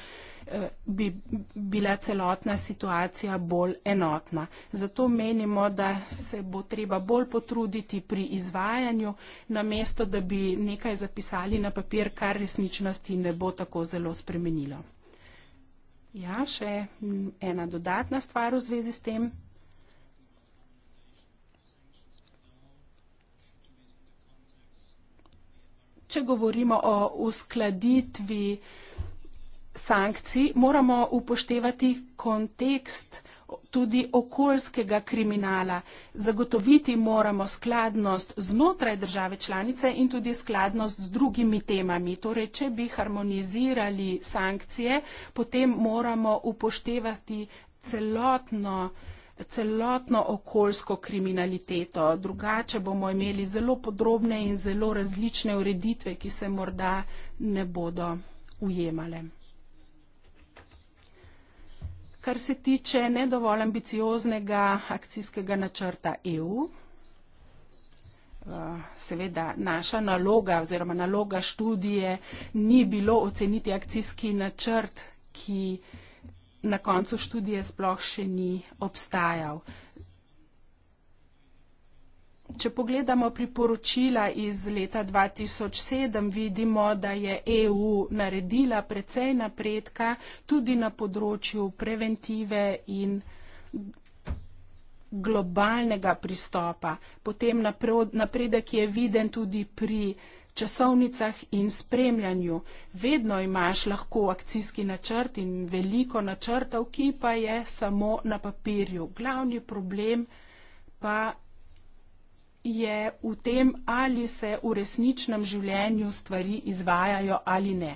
Eh, bi bila celotna situacija bolj enotna. Zato menimo, da se bo treba bolj potruditi pri izvajanju, namesto da bi nekaj zapisali na papir, kar resničnosti ne bo tako zelo spremenilo. Ja, še ena dodatna stvar v zvezi s tem. Če govorimo o uskladitvi, sankcij moramo upoštevati kontekst tudi okoljskega kriminala. Zagotoviti moramo skladnost znotraj države članice in tudi skladnost z drugimi temami. Torej, če bi harmonizirali sankcije, potem moramo upoštevati celotno celotno okoljsko kriminaliteto. Drugače bomo imeli zelo podrobne in zelo različne ureditve, ki se morda ne bodo ujemale kar se tiče nedovolj ambicioznega akcijskega načrta EU. Eh, seveda naša naloga oziroma naloga študije ni bilo oceniti akcijski načrt, ki na koncu študije sploh še ni obstajal. Če pogledamo priporočila iz leta 2007, vidimo, da je EU naredila precej napredka tudi na področju preventive in globalnega pristopa. Potem napredek je viden tudi pri časovnicah in spremljanju. Vedno imaš lahko akcijski načrt in veliko načrtov, ki pa je samo na papirju. Glavni problem pa je, je v tem, ali se v resničnem življenju stvari izvajajo ali ne.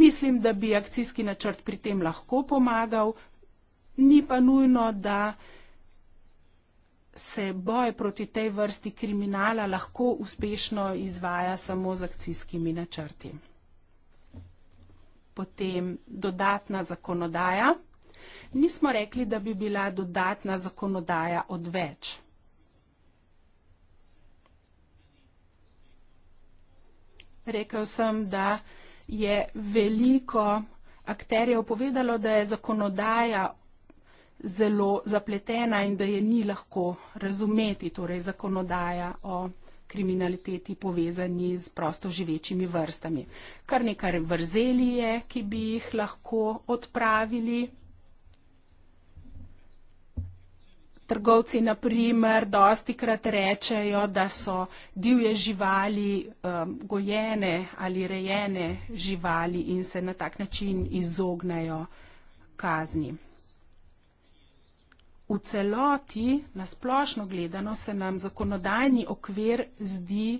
Mislim, da bi akcijski načrt pri tem lahko pomagal, ni pa nujno, da se boj proti tej vrsti kriminala lahko uspešno izvaja samo z akcijskimi načrti. Potem dodatna zakonodaja. Nismo rekli, da bi bila dodatna zakonodaja odveč. rekel sem, da je veliko akterjev povedalo, da je zakonodaja zelo zapletena in da je ni lahko razumeti, torej zakonodaja o kriminaliteti povezani z prosto živečimi vrstami. Kar nekaj vrzeli je, ki bi jih lahko odpravili. trgovci, naprimer, dosti krat rečejo, da so divje živali um, gojene ali rejene živali in se na tak način izognajo kazni. V celoti, nasplošno gledano, se nam zakonodajni okvir zdi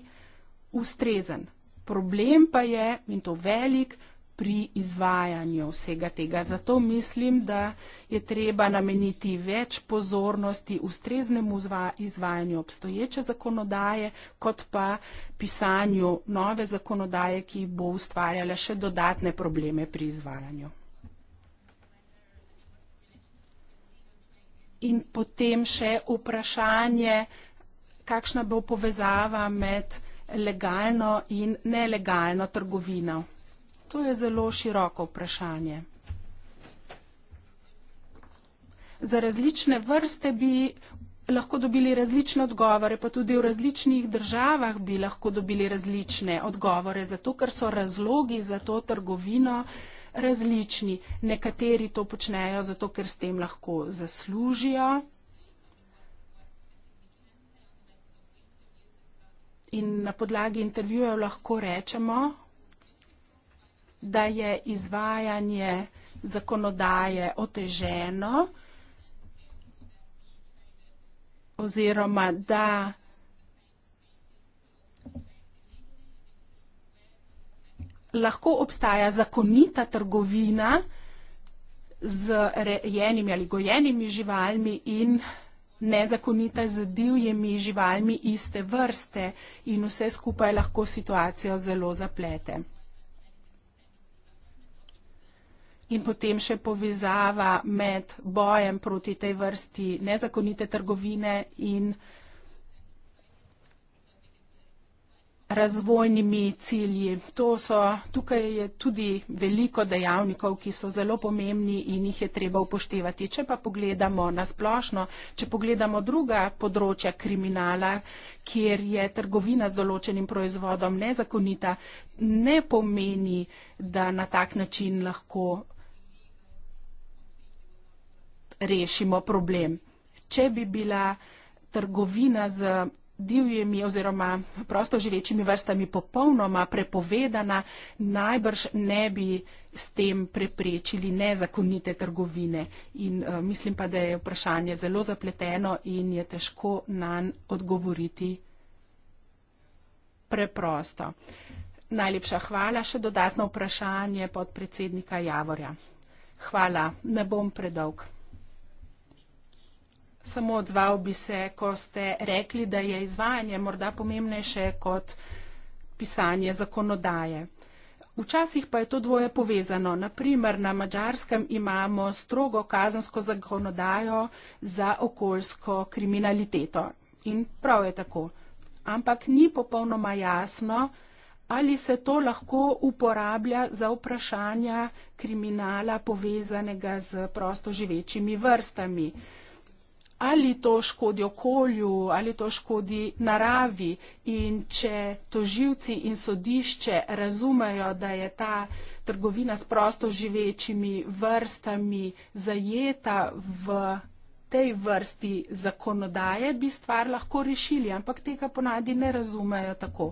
ustrezen. Problem pa je, in to velik, pri izvajanju vsega tega. Zato mislim, da je treba nameniti več pozornosti ustreznemu izvajanju obstoječe zakonodaje, kot pa pisanju nove zakonodaje, ki bo ustvarjala še dodatne probleme pri izvajanju. In potem še vprašanje, kakšna bo povezava med legalno in nelegalno trgovino. To je zelo široko vprašanje. Za različne vrste bi lahko dobili različne odgovore, pa tudi v različnih državah bi lahko dobili različne odgovore, zato ker so razlogi za to trgovino različni. Nekateri to počnejo, zato ker s tem lahko zaslužijo. In na podlagi intervjujev lahko rečemo, da je izvajanje zakonodaje oteženo oziroma da lahko obstaja zakonita trgovina z rejenimi ali gojenimi živalmi in nezakonita z divjimi živalmi iste vrste in vse skupaj lahko situacijo zelo zaplete. in potem še povezava med bojem proti tej vrsti nezakonite trgovine in razvojnimi cilji. To so, tukaj je tudi veliko dejavnikov, ki so zelo pomembni in jih je treba upoštevati. Če pa pogledamo na splošno, če pogledamo druga področja kriminala, kjer je trgovina z določenim proizvodom nezakonita, ne pomeni, da na tak način lahko rešimo problem. Če bi bila trgovina z divjimi oziroma prosto živečimi vrstami popolnoma prepovedana, najbrž ne bi s tem preprečili nezakonite trgovine. In uh, mislim pa, da je vprašanje zelo zapleteno in je težko nan odgovoriti preprosto. Najlepša hvala. Še dodatno vprašanje podpredsednika Javorja. Hvala. Ne bom predolg samo odzval bi se, ko ste rekli, da je izvajanje morda pomembnejše kot pisanje zakonodaje. Včasih pa je to dvoje povezano. Naprimer, na mačarskem imamo strogo kazensko zakonodajo za okoljsko kriminaliteto. In prav je tako. Ampak ni popolnoma jasno, ali se to lahko uporablja za vprašanja kriminala povezanega z prostoživečimi vrstami ali to škodi okolju, ali to škodi naravi. In če toživci in sodišče razumejo, da je ta trgovina s prosto živečimi vrstami zajeta v tej vrsti zakonodaje, bi stvar lahko rešili, ampak tega ponadi ne razumejo tako.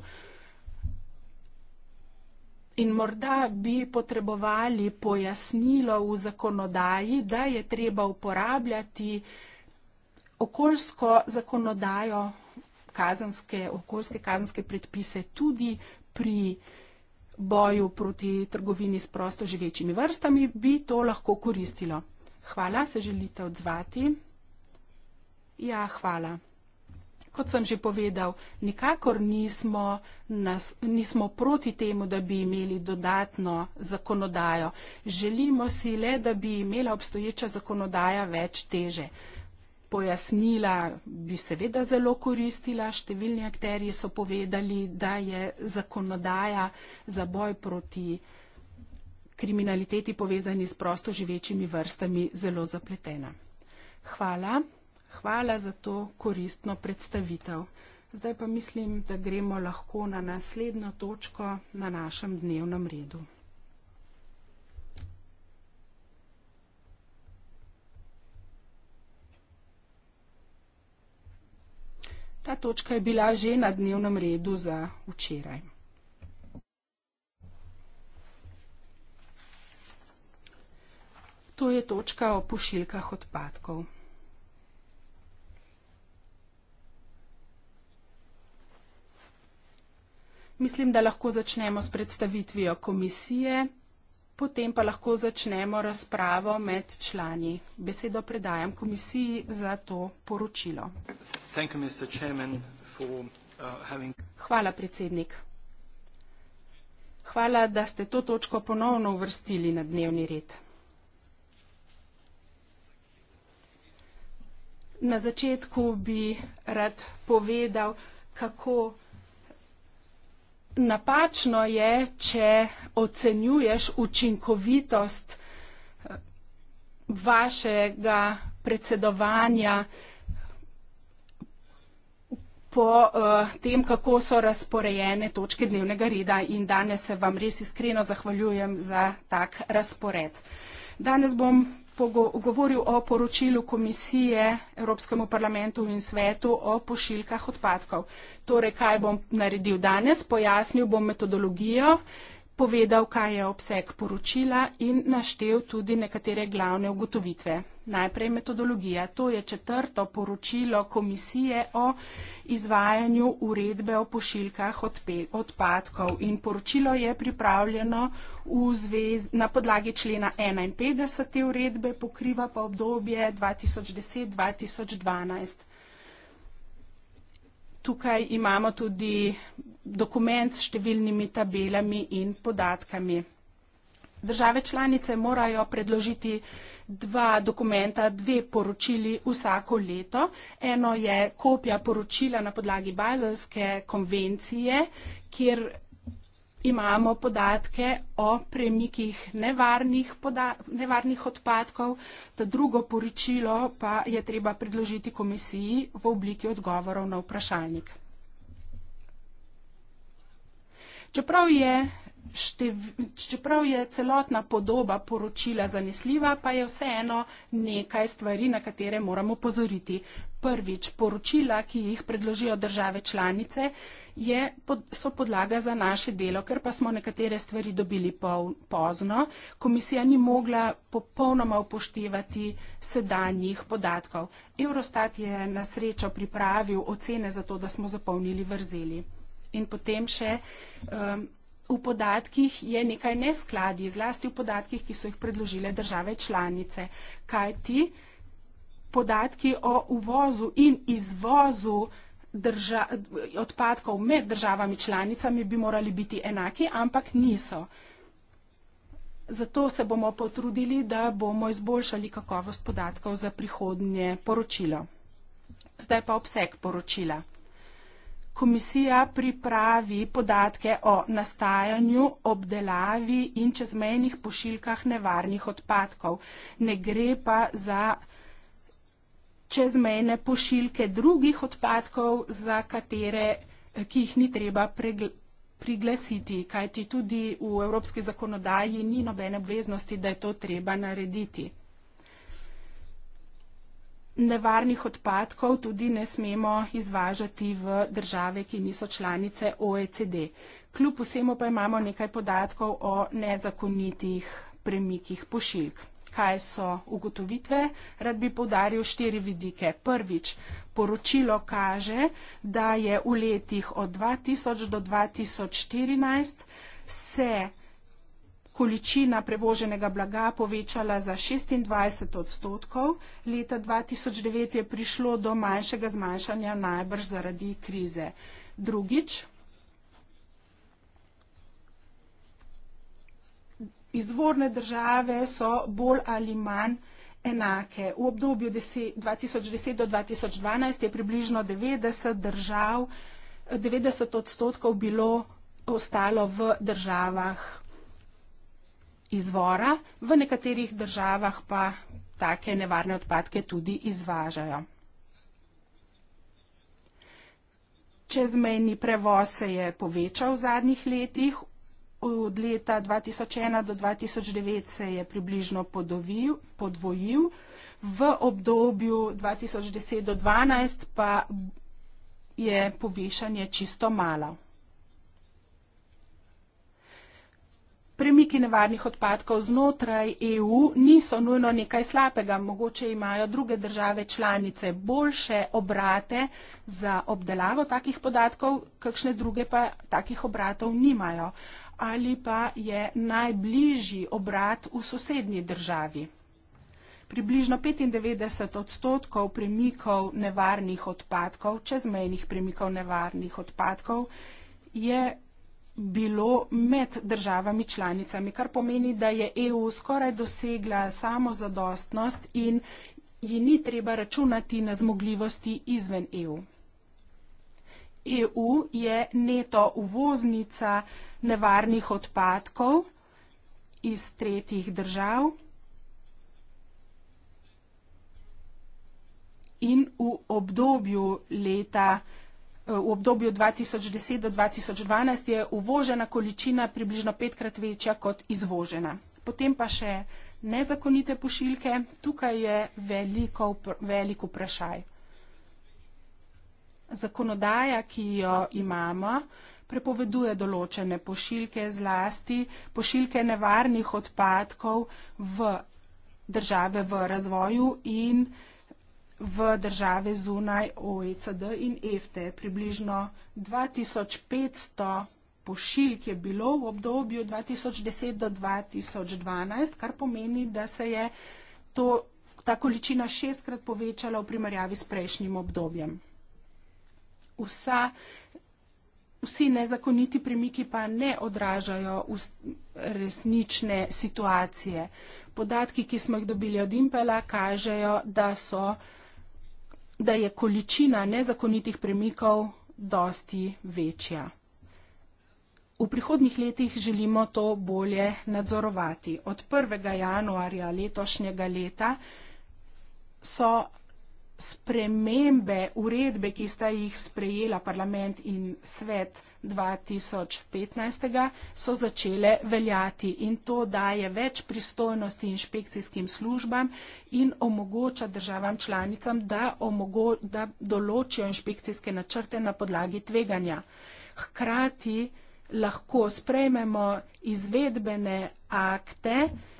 In morda bi potrebovali pojasnilo v zakonodaji, da je treba uporabljati uh, okoljsko zakonodajo, kazanske, okoljske kazanske predpise tudi pri boju proti trgovini s prosto živečimi vrstami, bi to lahko koristilo. Hvala, se želite odzvati? Ja, hvala. Kot sem že povedal, nikakor nismo, nas, nismo proti temu, da bi imeli dodatno zakonodajo. Želimo si le, da bi imela obstoječa zakonodaja več teže pojasnila bi seveda zelo koristila. Številni akteri so povedali, da je zakonodaja za boj proti kriminaliteti povezani s prosto živečimi vrstami zelo zapletena. Hvala. Hvala za to koristno predstavitev. Zdaj pa mislim, da gremo lahko na naslednjo točko na našem dnevnem redu. Ta točka je bila že na dnevnem redu za včeraj. To je točka o pošiljkah odpadkov. Mislim, da lahko začnemo s predstavitvijo komisije potem pa lahko začnemo razpravo med člani. Besedo predajam komisiji za to poročilo. Uh, Hvala, predsednik. Hvala, da ste to točko ponovno uvrstili na dnevni red. Na začetku bi rad povedal, kako napačno je, če ocenjuješ učinkovitost eh, vašega predsedovanja po uh, tem, kako so razporejene točke dnevnega reda in danes se vam res iskreno zahvaljujem za tak razpored. Danes bom govoril o poročilu komisije Evropskemu parlamentu in svetu o pošiljkah odpadkov. Torej, kaj bom naredil danes? Pojasnil bom metodologijo, povedal, kaj je obseg poročila in naštev tudi nekatere glavne ugotovitve. Najprej metodologija. To je četrto poročilo komisije o izvajanju uredbe o pošiljkah odpadkov. In poročilo je pripravljeno zvez, na podlagi člena 51. uredbe, pokriva pa obdobje 2010-2012 tukaj imamo tudi dokument s številnimi tabelami in podatkami. Države članice morajo predložiti dva dokumenta, dve poročili vsako leto. Eno je kopija poročila na podlagi bazalske konvencije, kjer imamo podatke o premikih nevarnih, nevarnih odpadkov, to drugo poročilo pa je treba predložiti komisiji v obliki odgovorov na vprašalnik. Čeprav je čeprav je celotna podoba poročila zanesljiva, pa je vseeno nekaj stvari, na katere moramo pozoriti. Prvič, poročila, ki jih predložijo države članice, je, so podlaga za naše delo, ker pa smo nekatere stvari dobili pol, pozno. Komisija ni mogla popolnoma upoštevati sedanjih podatkov. Eurostat je na srečo pripravil ocene za to, da smo zapolnili vrzeli. In potem še um, v podatkih je nekaj neskladij, zlasti v podatkih, ki so jih predložile države članice. Kaj ti podatki o uvozu in izvozu drža, odpadkov med državami članicami bi morali biti enaki, ampak niso. Zato se bomo potrudili, da bomo izboljšali kakovost podatkov za prihodnje poročilo. Zdaj pa obseg poročila komisija pripravi podatke o nastajanju, obdelavi in čezmejnih pošiljkah nevarnih odpadkov. Ne gre pa za čezmejne pošiljke drugih odpadkov, za katere, eh, ki jih ni treba pregledati priglasiti, kajti tudi v evropski zakonodaji ni nobene obveznosti, da je to treba narediti nevarnih odpadkov tudi ne smemo izvažati v države, ki niso članice OECD. Kljub vsemu pa imamo nekaj podatkov o nezakonitih premikih pošiljk. Kaj so ugotovitve? Rad bi povdaril štiri vidike. Prvič, poročilo kaže, da je v letih od 2000 do 2014 se količina prevoženega blaga povečala za 26 odstotkov. Leta 2009 je prišlo do manjšega zmanjšanja najbrž zaradi krize. Drugič, izvorne države so bolj ali manj enake. V obdobju 2010 do 2012 je približno 90 držav, 90 odstotkov bilo ostalo v državah izvora, v nekaterih državah pa take nevarne odpadke tudi izvažajo. Čezmejni prevoz se je povečal v zadnjih letih. Od leta 2001 do 2009 se je približno podovil, podvojil, v obdobju 2010 do 2012 pa je povišanje čisto malo. Premiki nevarnih odpadkov znotraj EU niso nujno nekaj slabega, mogoče imajo druge države članice boljše obrate za obdelavo takih podatkov, kakšne druge pa takih obratov nimajo ali pa je najbližji obrat v sosednji državi. Približno 95 odstotkov premikov nevarnih odpadkov, čezmejnih premikov nevarnih odpadkov, je bilo med državami članicami, kar pomeni, da je EU skoraj dosegla samozadostnost in ji ni treba računati na zmogljivosti izven EU. EU je neto uvoznica nevarnih odpadkov iz tretjih držav in v obdobju leta 2020 v obdobju 2010 do 2012 je uvožena količina približno petkrat večja kot izvožena. Potem pa še nezakonite pošiljke. Tukaj je veliko, veliko vprašaj. Zakonodaja, ki jo imamo, prepoveduje določene pošiljke zlasti, pošiljke nevarnih odpadkov v države v razvoju in v države zunaj OECD in EFTE. Približno 2500 pošiljk je bilo v obdobju 2010 do 2012, kar pomeni, da se je to, ta količina šestkrat povečala v primerjavi s prejšnjim obdobjem. Vsa, vsi nezakoniti premiki pa ne odražajo resnične situacije. Podatki, ki smo jih dobili od Impela, kažejo, da so da je količina nezakonitih premikov dosti večja. V prihodnjih letih želimo to bolje nadzorovati. Od 1. januarja letošnjega leta so spremembe uredbe, ki sta jih sprejela parlament in svet 2015 so začele veljati in to daje več pristojnosti inšpekcijskim službam in omogoča državam članicam, da, omogo, da določijo inšpekcijske načrte na podlagi tveganja. Hkrati lahko sprejmemo izvedbene akte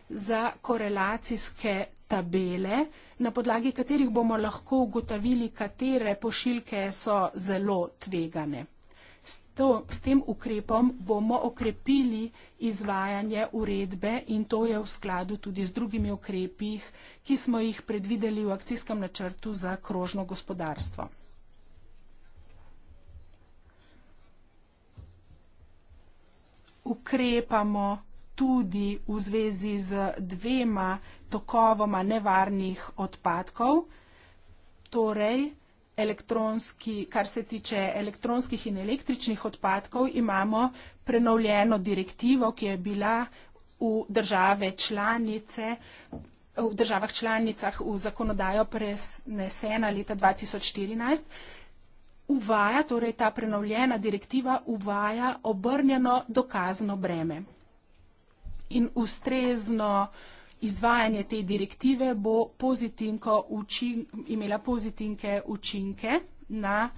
za korelacijske tabele, na podlagi katerih bomo lahko ugotavili, katere pošiljke so zelo tvegane. S, to, s tem ukrepom bomo okrepili izvajanje uredbe in to je v skladu tudi z drugimi ukrepi, ki smo jih predvideli v akcijskem načrtu za krožno gospodarstvo. Ukrepamo tudi v zvezi z dvema tokovoma nevarnih odpadkov, torej elektronski, kar se tiče elektronskih in električnih odpadkov, imamo prenovljeno direktivo, ki je bila v države članice, v državah članicah v zakonodajo presnesena leta 2014, uvaja, torej ta prenovljena direktiva uvaja obrnjeno dokazno breme. In ustrezno uh, izvajanje te direktive bo pozitinko učin, imela pozitinke učinke na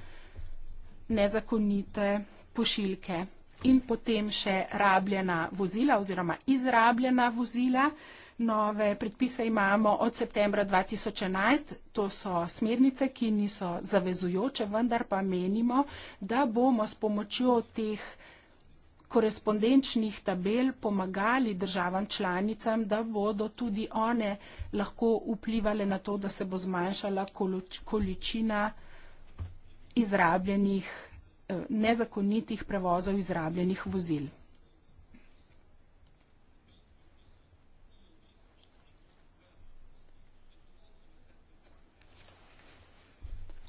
nezakonite pošiljke. In potem še rabljena vozila oziroma izrabljena vozila. Nove predpise imamo od septembra 2011, to so smernice, ki niso zavezujoče, vendar pa menimo, da bomo s pomočjo teh korespondenčnih tabel pomagali državam članicam, da bodo tudi one lahko vplivali na to, da se bo zmanjšala količina izrabljenih, eh, nezakonitih prevozov izrabljenih vozil.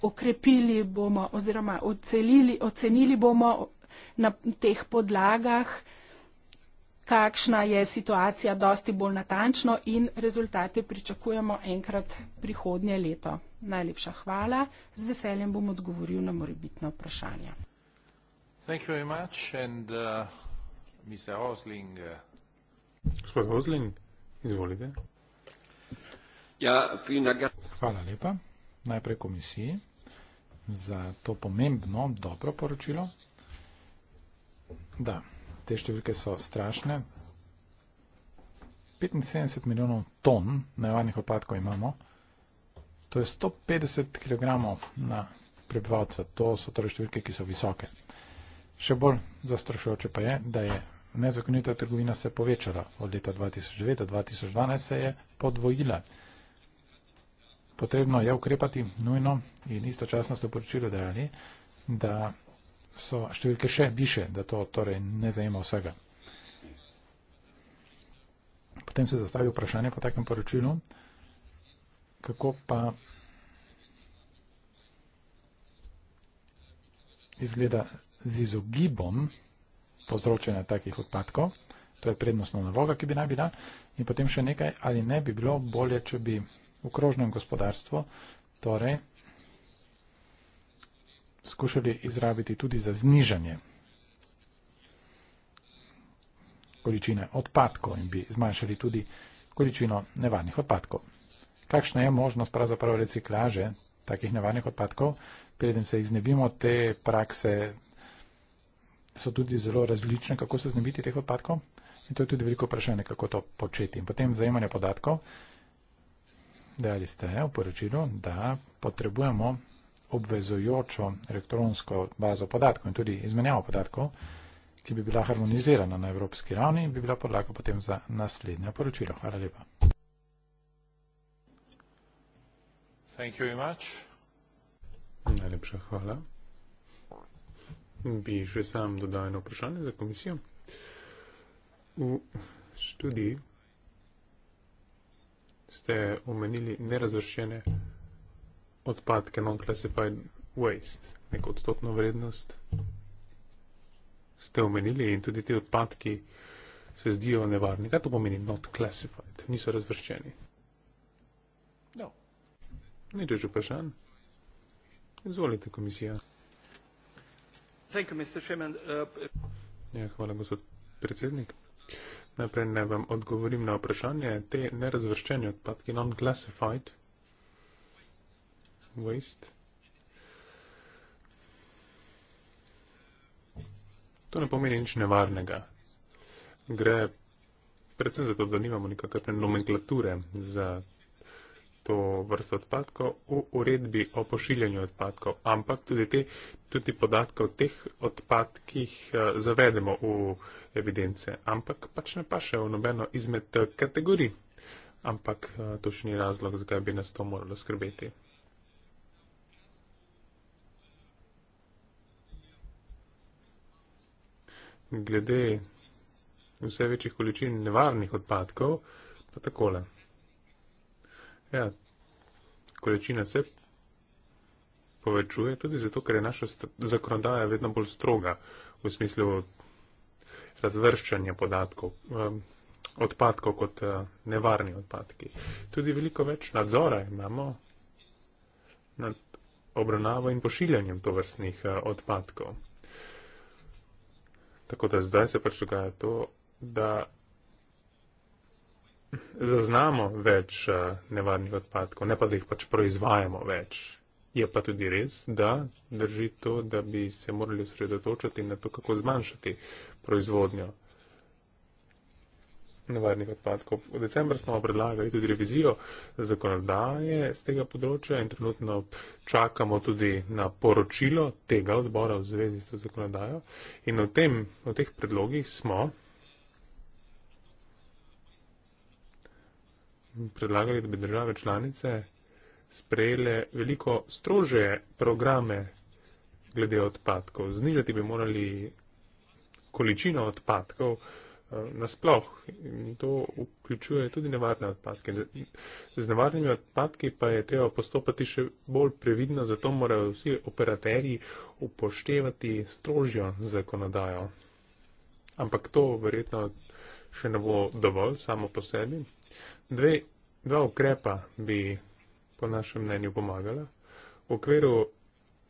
Okrepili bomo oziroma ocelili, ocenili bomo na teh podlagah, kakšna je situacija dosti bolj natančno in rezultate pričakujemo enkrat prihodnje leto. Najlepša hvala, z veseljem bom odgovoril na morebitno vprašanje. Uh, uh. Gospod Osling, izvolite. Ja, hvala lepa najprej komisiji za to pomembno, dobro poročilo. Da, te številke so strašne. 75 milijonov ton nevarnih odpadkov imamo. To je 150 kg na prebivalca. To so torej številke, ki so visoke. Še bolj zastrašujoče pa je, da je nezakonita trgovina se povečala. Od leta 2009 do 2012 se je podvojila. Potrebno je ukrepati nujno in istočasno ste poročili dejali, da so številke še više, da to torej ne zajema vsega. Potem se zastavi vprašanje po takem poročilu, kako pa izgleda z izogibom povzročanja takih odpadkov. To je prednostna naloga, ki bi naj bila. In potem še nekaj, ali ne bi bilo bolje, če bi v krožnem gospodarstvu, torej skušali izrabiti tudi za znižanje količine odpadkov in bi zmanjšali tudi količino nevarnih odpadkov. Kakšna je možnost pravzaprav reciklaže takih nevarnih odpadkov? Preden se jih znebimo, te prakse so tudi zelo različne, kako se znebiti teh odpadkov. In to je tudi veliko vprašanje, kako to početi. In potem zajemanje podatkov. Dali ste v poročilu, da potrebujemo obvezujočo elektronsko bazo podatkov in tudi izmenjavo podatkov, ki bi bila harmonizirana na evropski ravni in bi bila podlaga potem za naslednje poročilo. Hvala lepa. Thank you very much. Najlepša hvala. Bi še sam dodal eno vprašanje za komisijo. V študiji ste omenili nerazvršene odpadke, non-classified waste, neko odstotno vrednost. Ste omenili in tudi ti odpadki se zdijo nevarni. Kaj to pomeni not classified? Niso razvrščeni. No. Ni že vprašan. Izvolite, komisija. Thank you, Mr. Chairman. Uh, ja, hvala, gospod predsednik. Najprej naj vam odgovorim na vprašanje. Te nerazvrščeni odpadki, non-classified, waste. To ne pomeni nič nevarnega. Gre predvsem zato, da nimamo nikakrne nomenklature za to vrsto odpadkov v uredbi o pošiljanju odpadkov, ampak tudi, te, tudi podatke o teh odpadkih eh, zavedemo v evidence, ampak pač ne paše v nobeno izmed eh, kategorij. Ampak eh, to še ni razlog, zakaj bi nas to moralo skrbeti. glede vse večjih količin nevarnih odpadkov, pa takole. Ja, količina se povečuje tudi zato, ker je naša zakonodaja vedno bolj stroga v smislu razvrščanja podatkov, um, odpadkov kot uh, nevarni odpadki. Tudi veliko več nadzora imamo nad obravnavo in pošiljanjem tovrstnih uh, odpadkov. Tako da zdaj se pač dogaja to, da zaznamo več eh, nevarnih odpadkov, ne pa da jih pač proizvajamo več. Je pa tudi res, da drži to, da bi se morali sredotočiti na to, kako zmanjšati proizvodnjo nevarnih odpadkov. V decembru smo predlagali tudi revizijo zakonodaje z tega področja in trenutno čakamo tudi na poročilo tega odbora v zvezi s to zakonodajo. In v, tem, v teh predlogih smo predlagali, da bi države članice sprejele veliko strožje programe glede odpadkov. Znižati bi morali količino odpadkov, nasploh. In to vključuje tudi nevarne odpadke. Z nevarnimi odpadki pa je treba postopati še bolj previdno, zato morajo vsi operaterji upoštevati strožjo zakonodajo. Ampak to verjetno še ne bo dovolj samo po sebi. Dve, dva ukrepa bi po našem mnenju pomagala. V okviru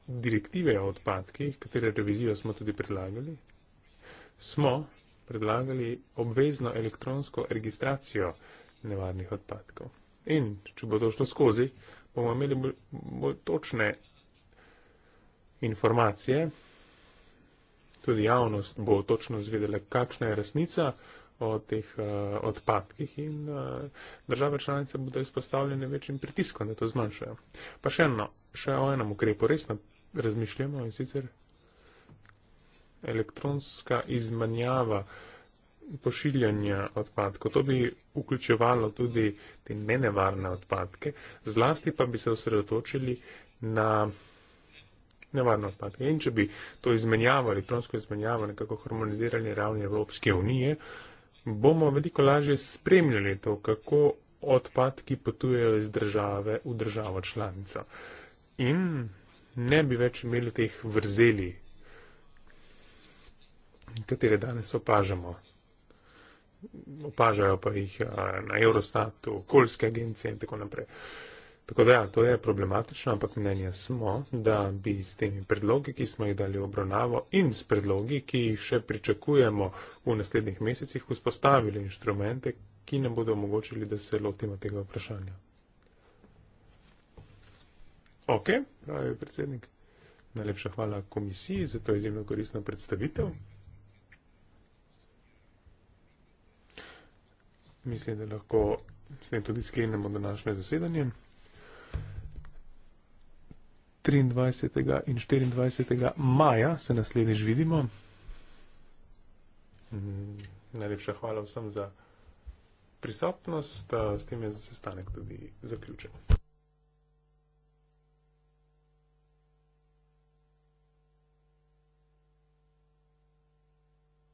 direktive o odpadkih, katere revizijo smo tudi predlagali, smo predlagali obvezno elektronsko registracijo nevarnih odpadkov. In če bo to šlo skozi, bomo imeli bolj, bolj točne informacije, tudi javnost bo točno zvedela, kakšna je resnica o teh uh, odpadkih in uh, države članice bodo izpostavljene večjim pritiskom, da to zmanjšajo. Pa še eno, še o enem ukrepu resno razmišljamo in sicer elektronska izmenjava pošiljanja odpadkov. To bi vključevalo tudi te nenevarne odpadke, zlasti pa bi se osredotočili na nevarne odpadke. In če bi to izmenjavo, elektronsko izmenjavo, nekako harmonizirali ravni Evropske unije, bomo veliko lažje spremljali to, kako odpadki potujejo iz države v državo članico. In ne bi več imeli teh vrzeli katere danes opažamo. Opažajo pa jih eh, na Eurostatu, okoljske agencije in tako naprej. Tako da, ja, to je problematično, ampak mnenje smo, da bi s temi predlogi, ki smo jih dali v obravnavo in s predlogi, ki jih še pričakujemo v naslednjih mesecih, vzpostavili inštrumente, ki nam bodo omogočili, da se lotimo tega vprašanja. Ok, pravi predsednik. Najlepša hvala komisiji za to izjemno koristno predstavitev. Mm. mislim, da lahko s tem tudi sklenemo današnje zasedanje. 23. in 24. maja se naslednjič vidimo. Mm, najlepša hvala vsem za prisotnost. S tem je sestanek tudi zaključen.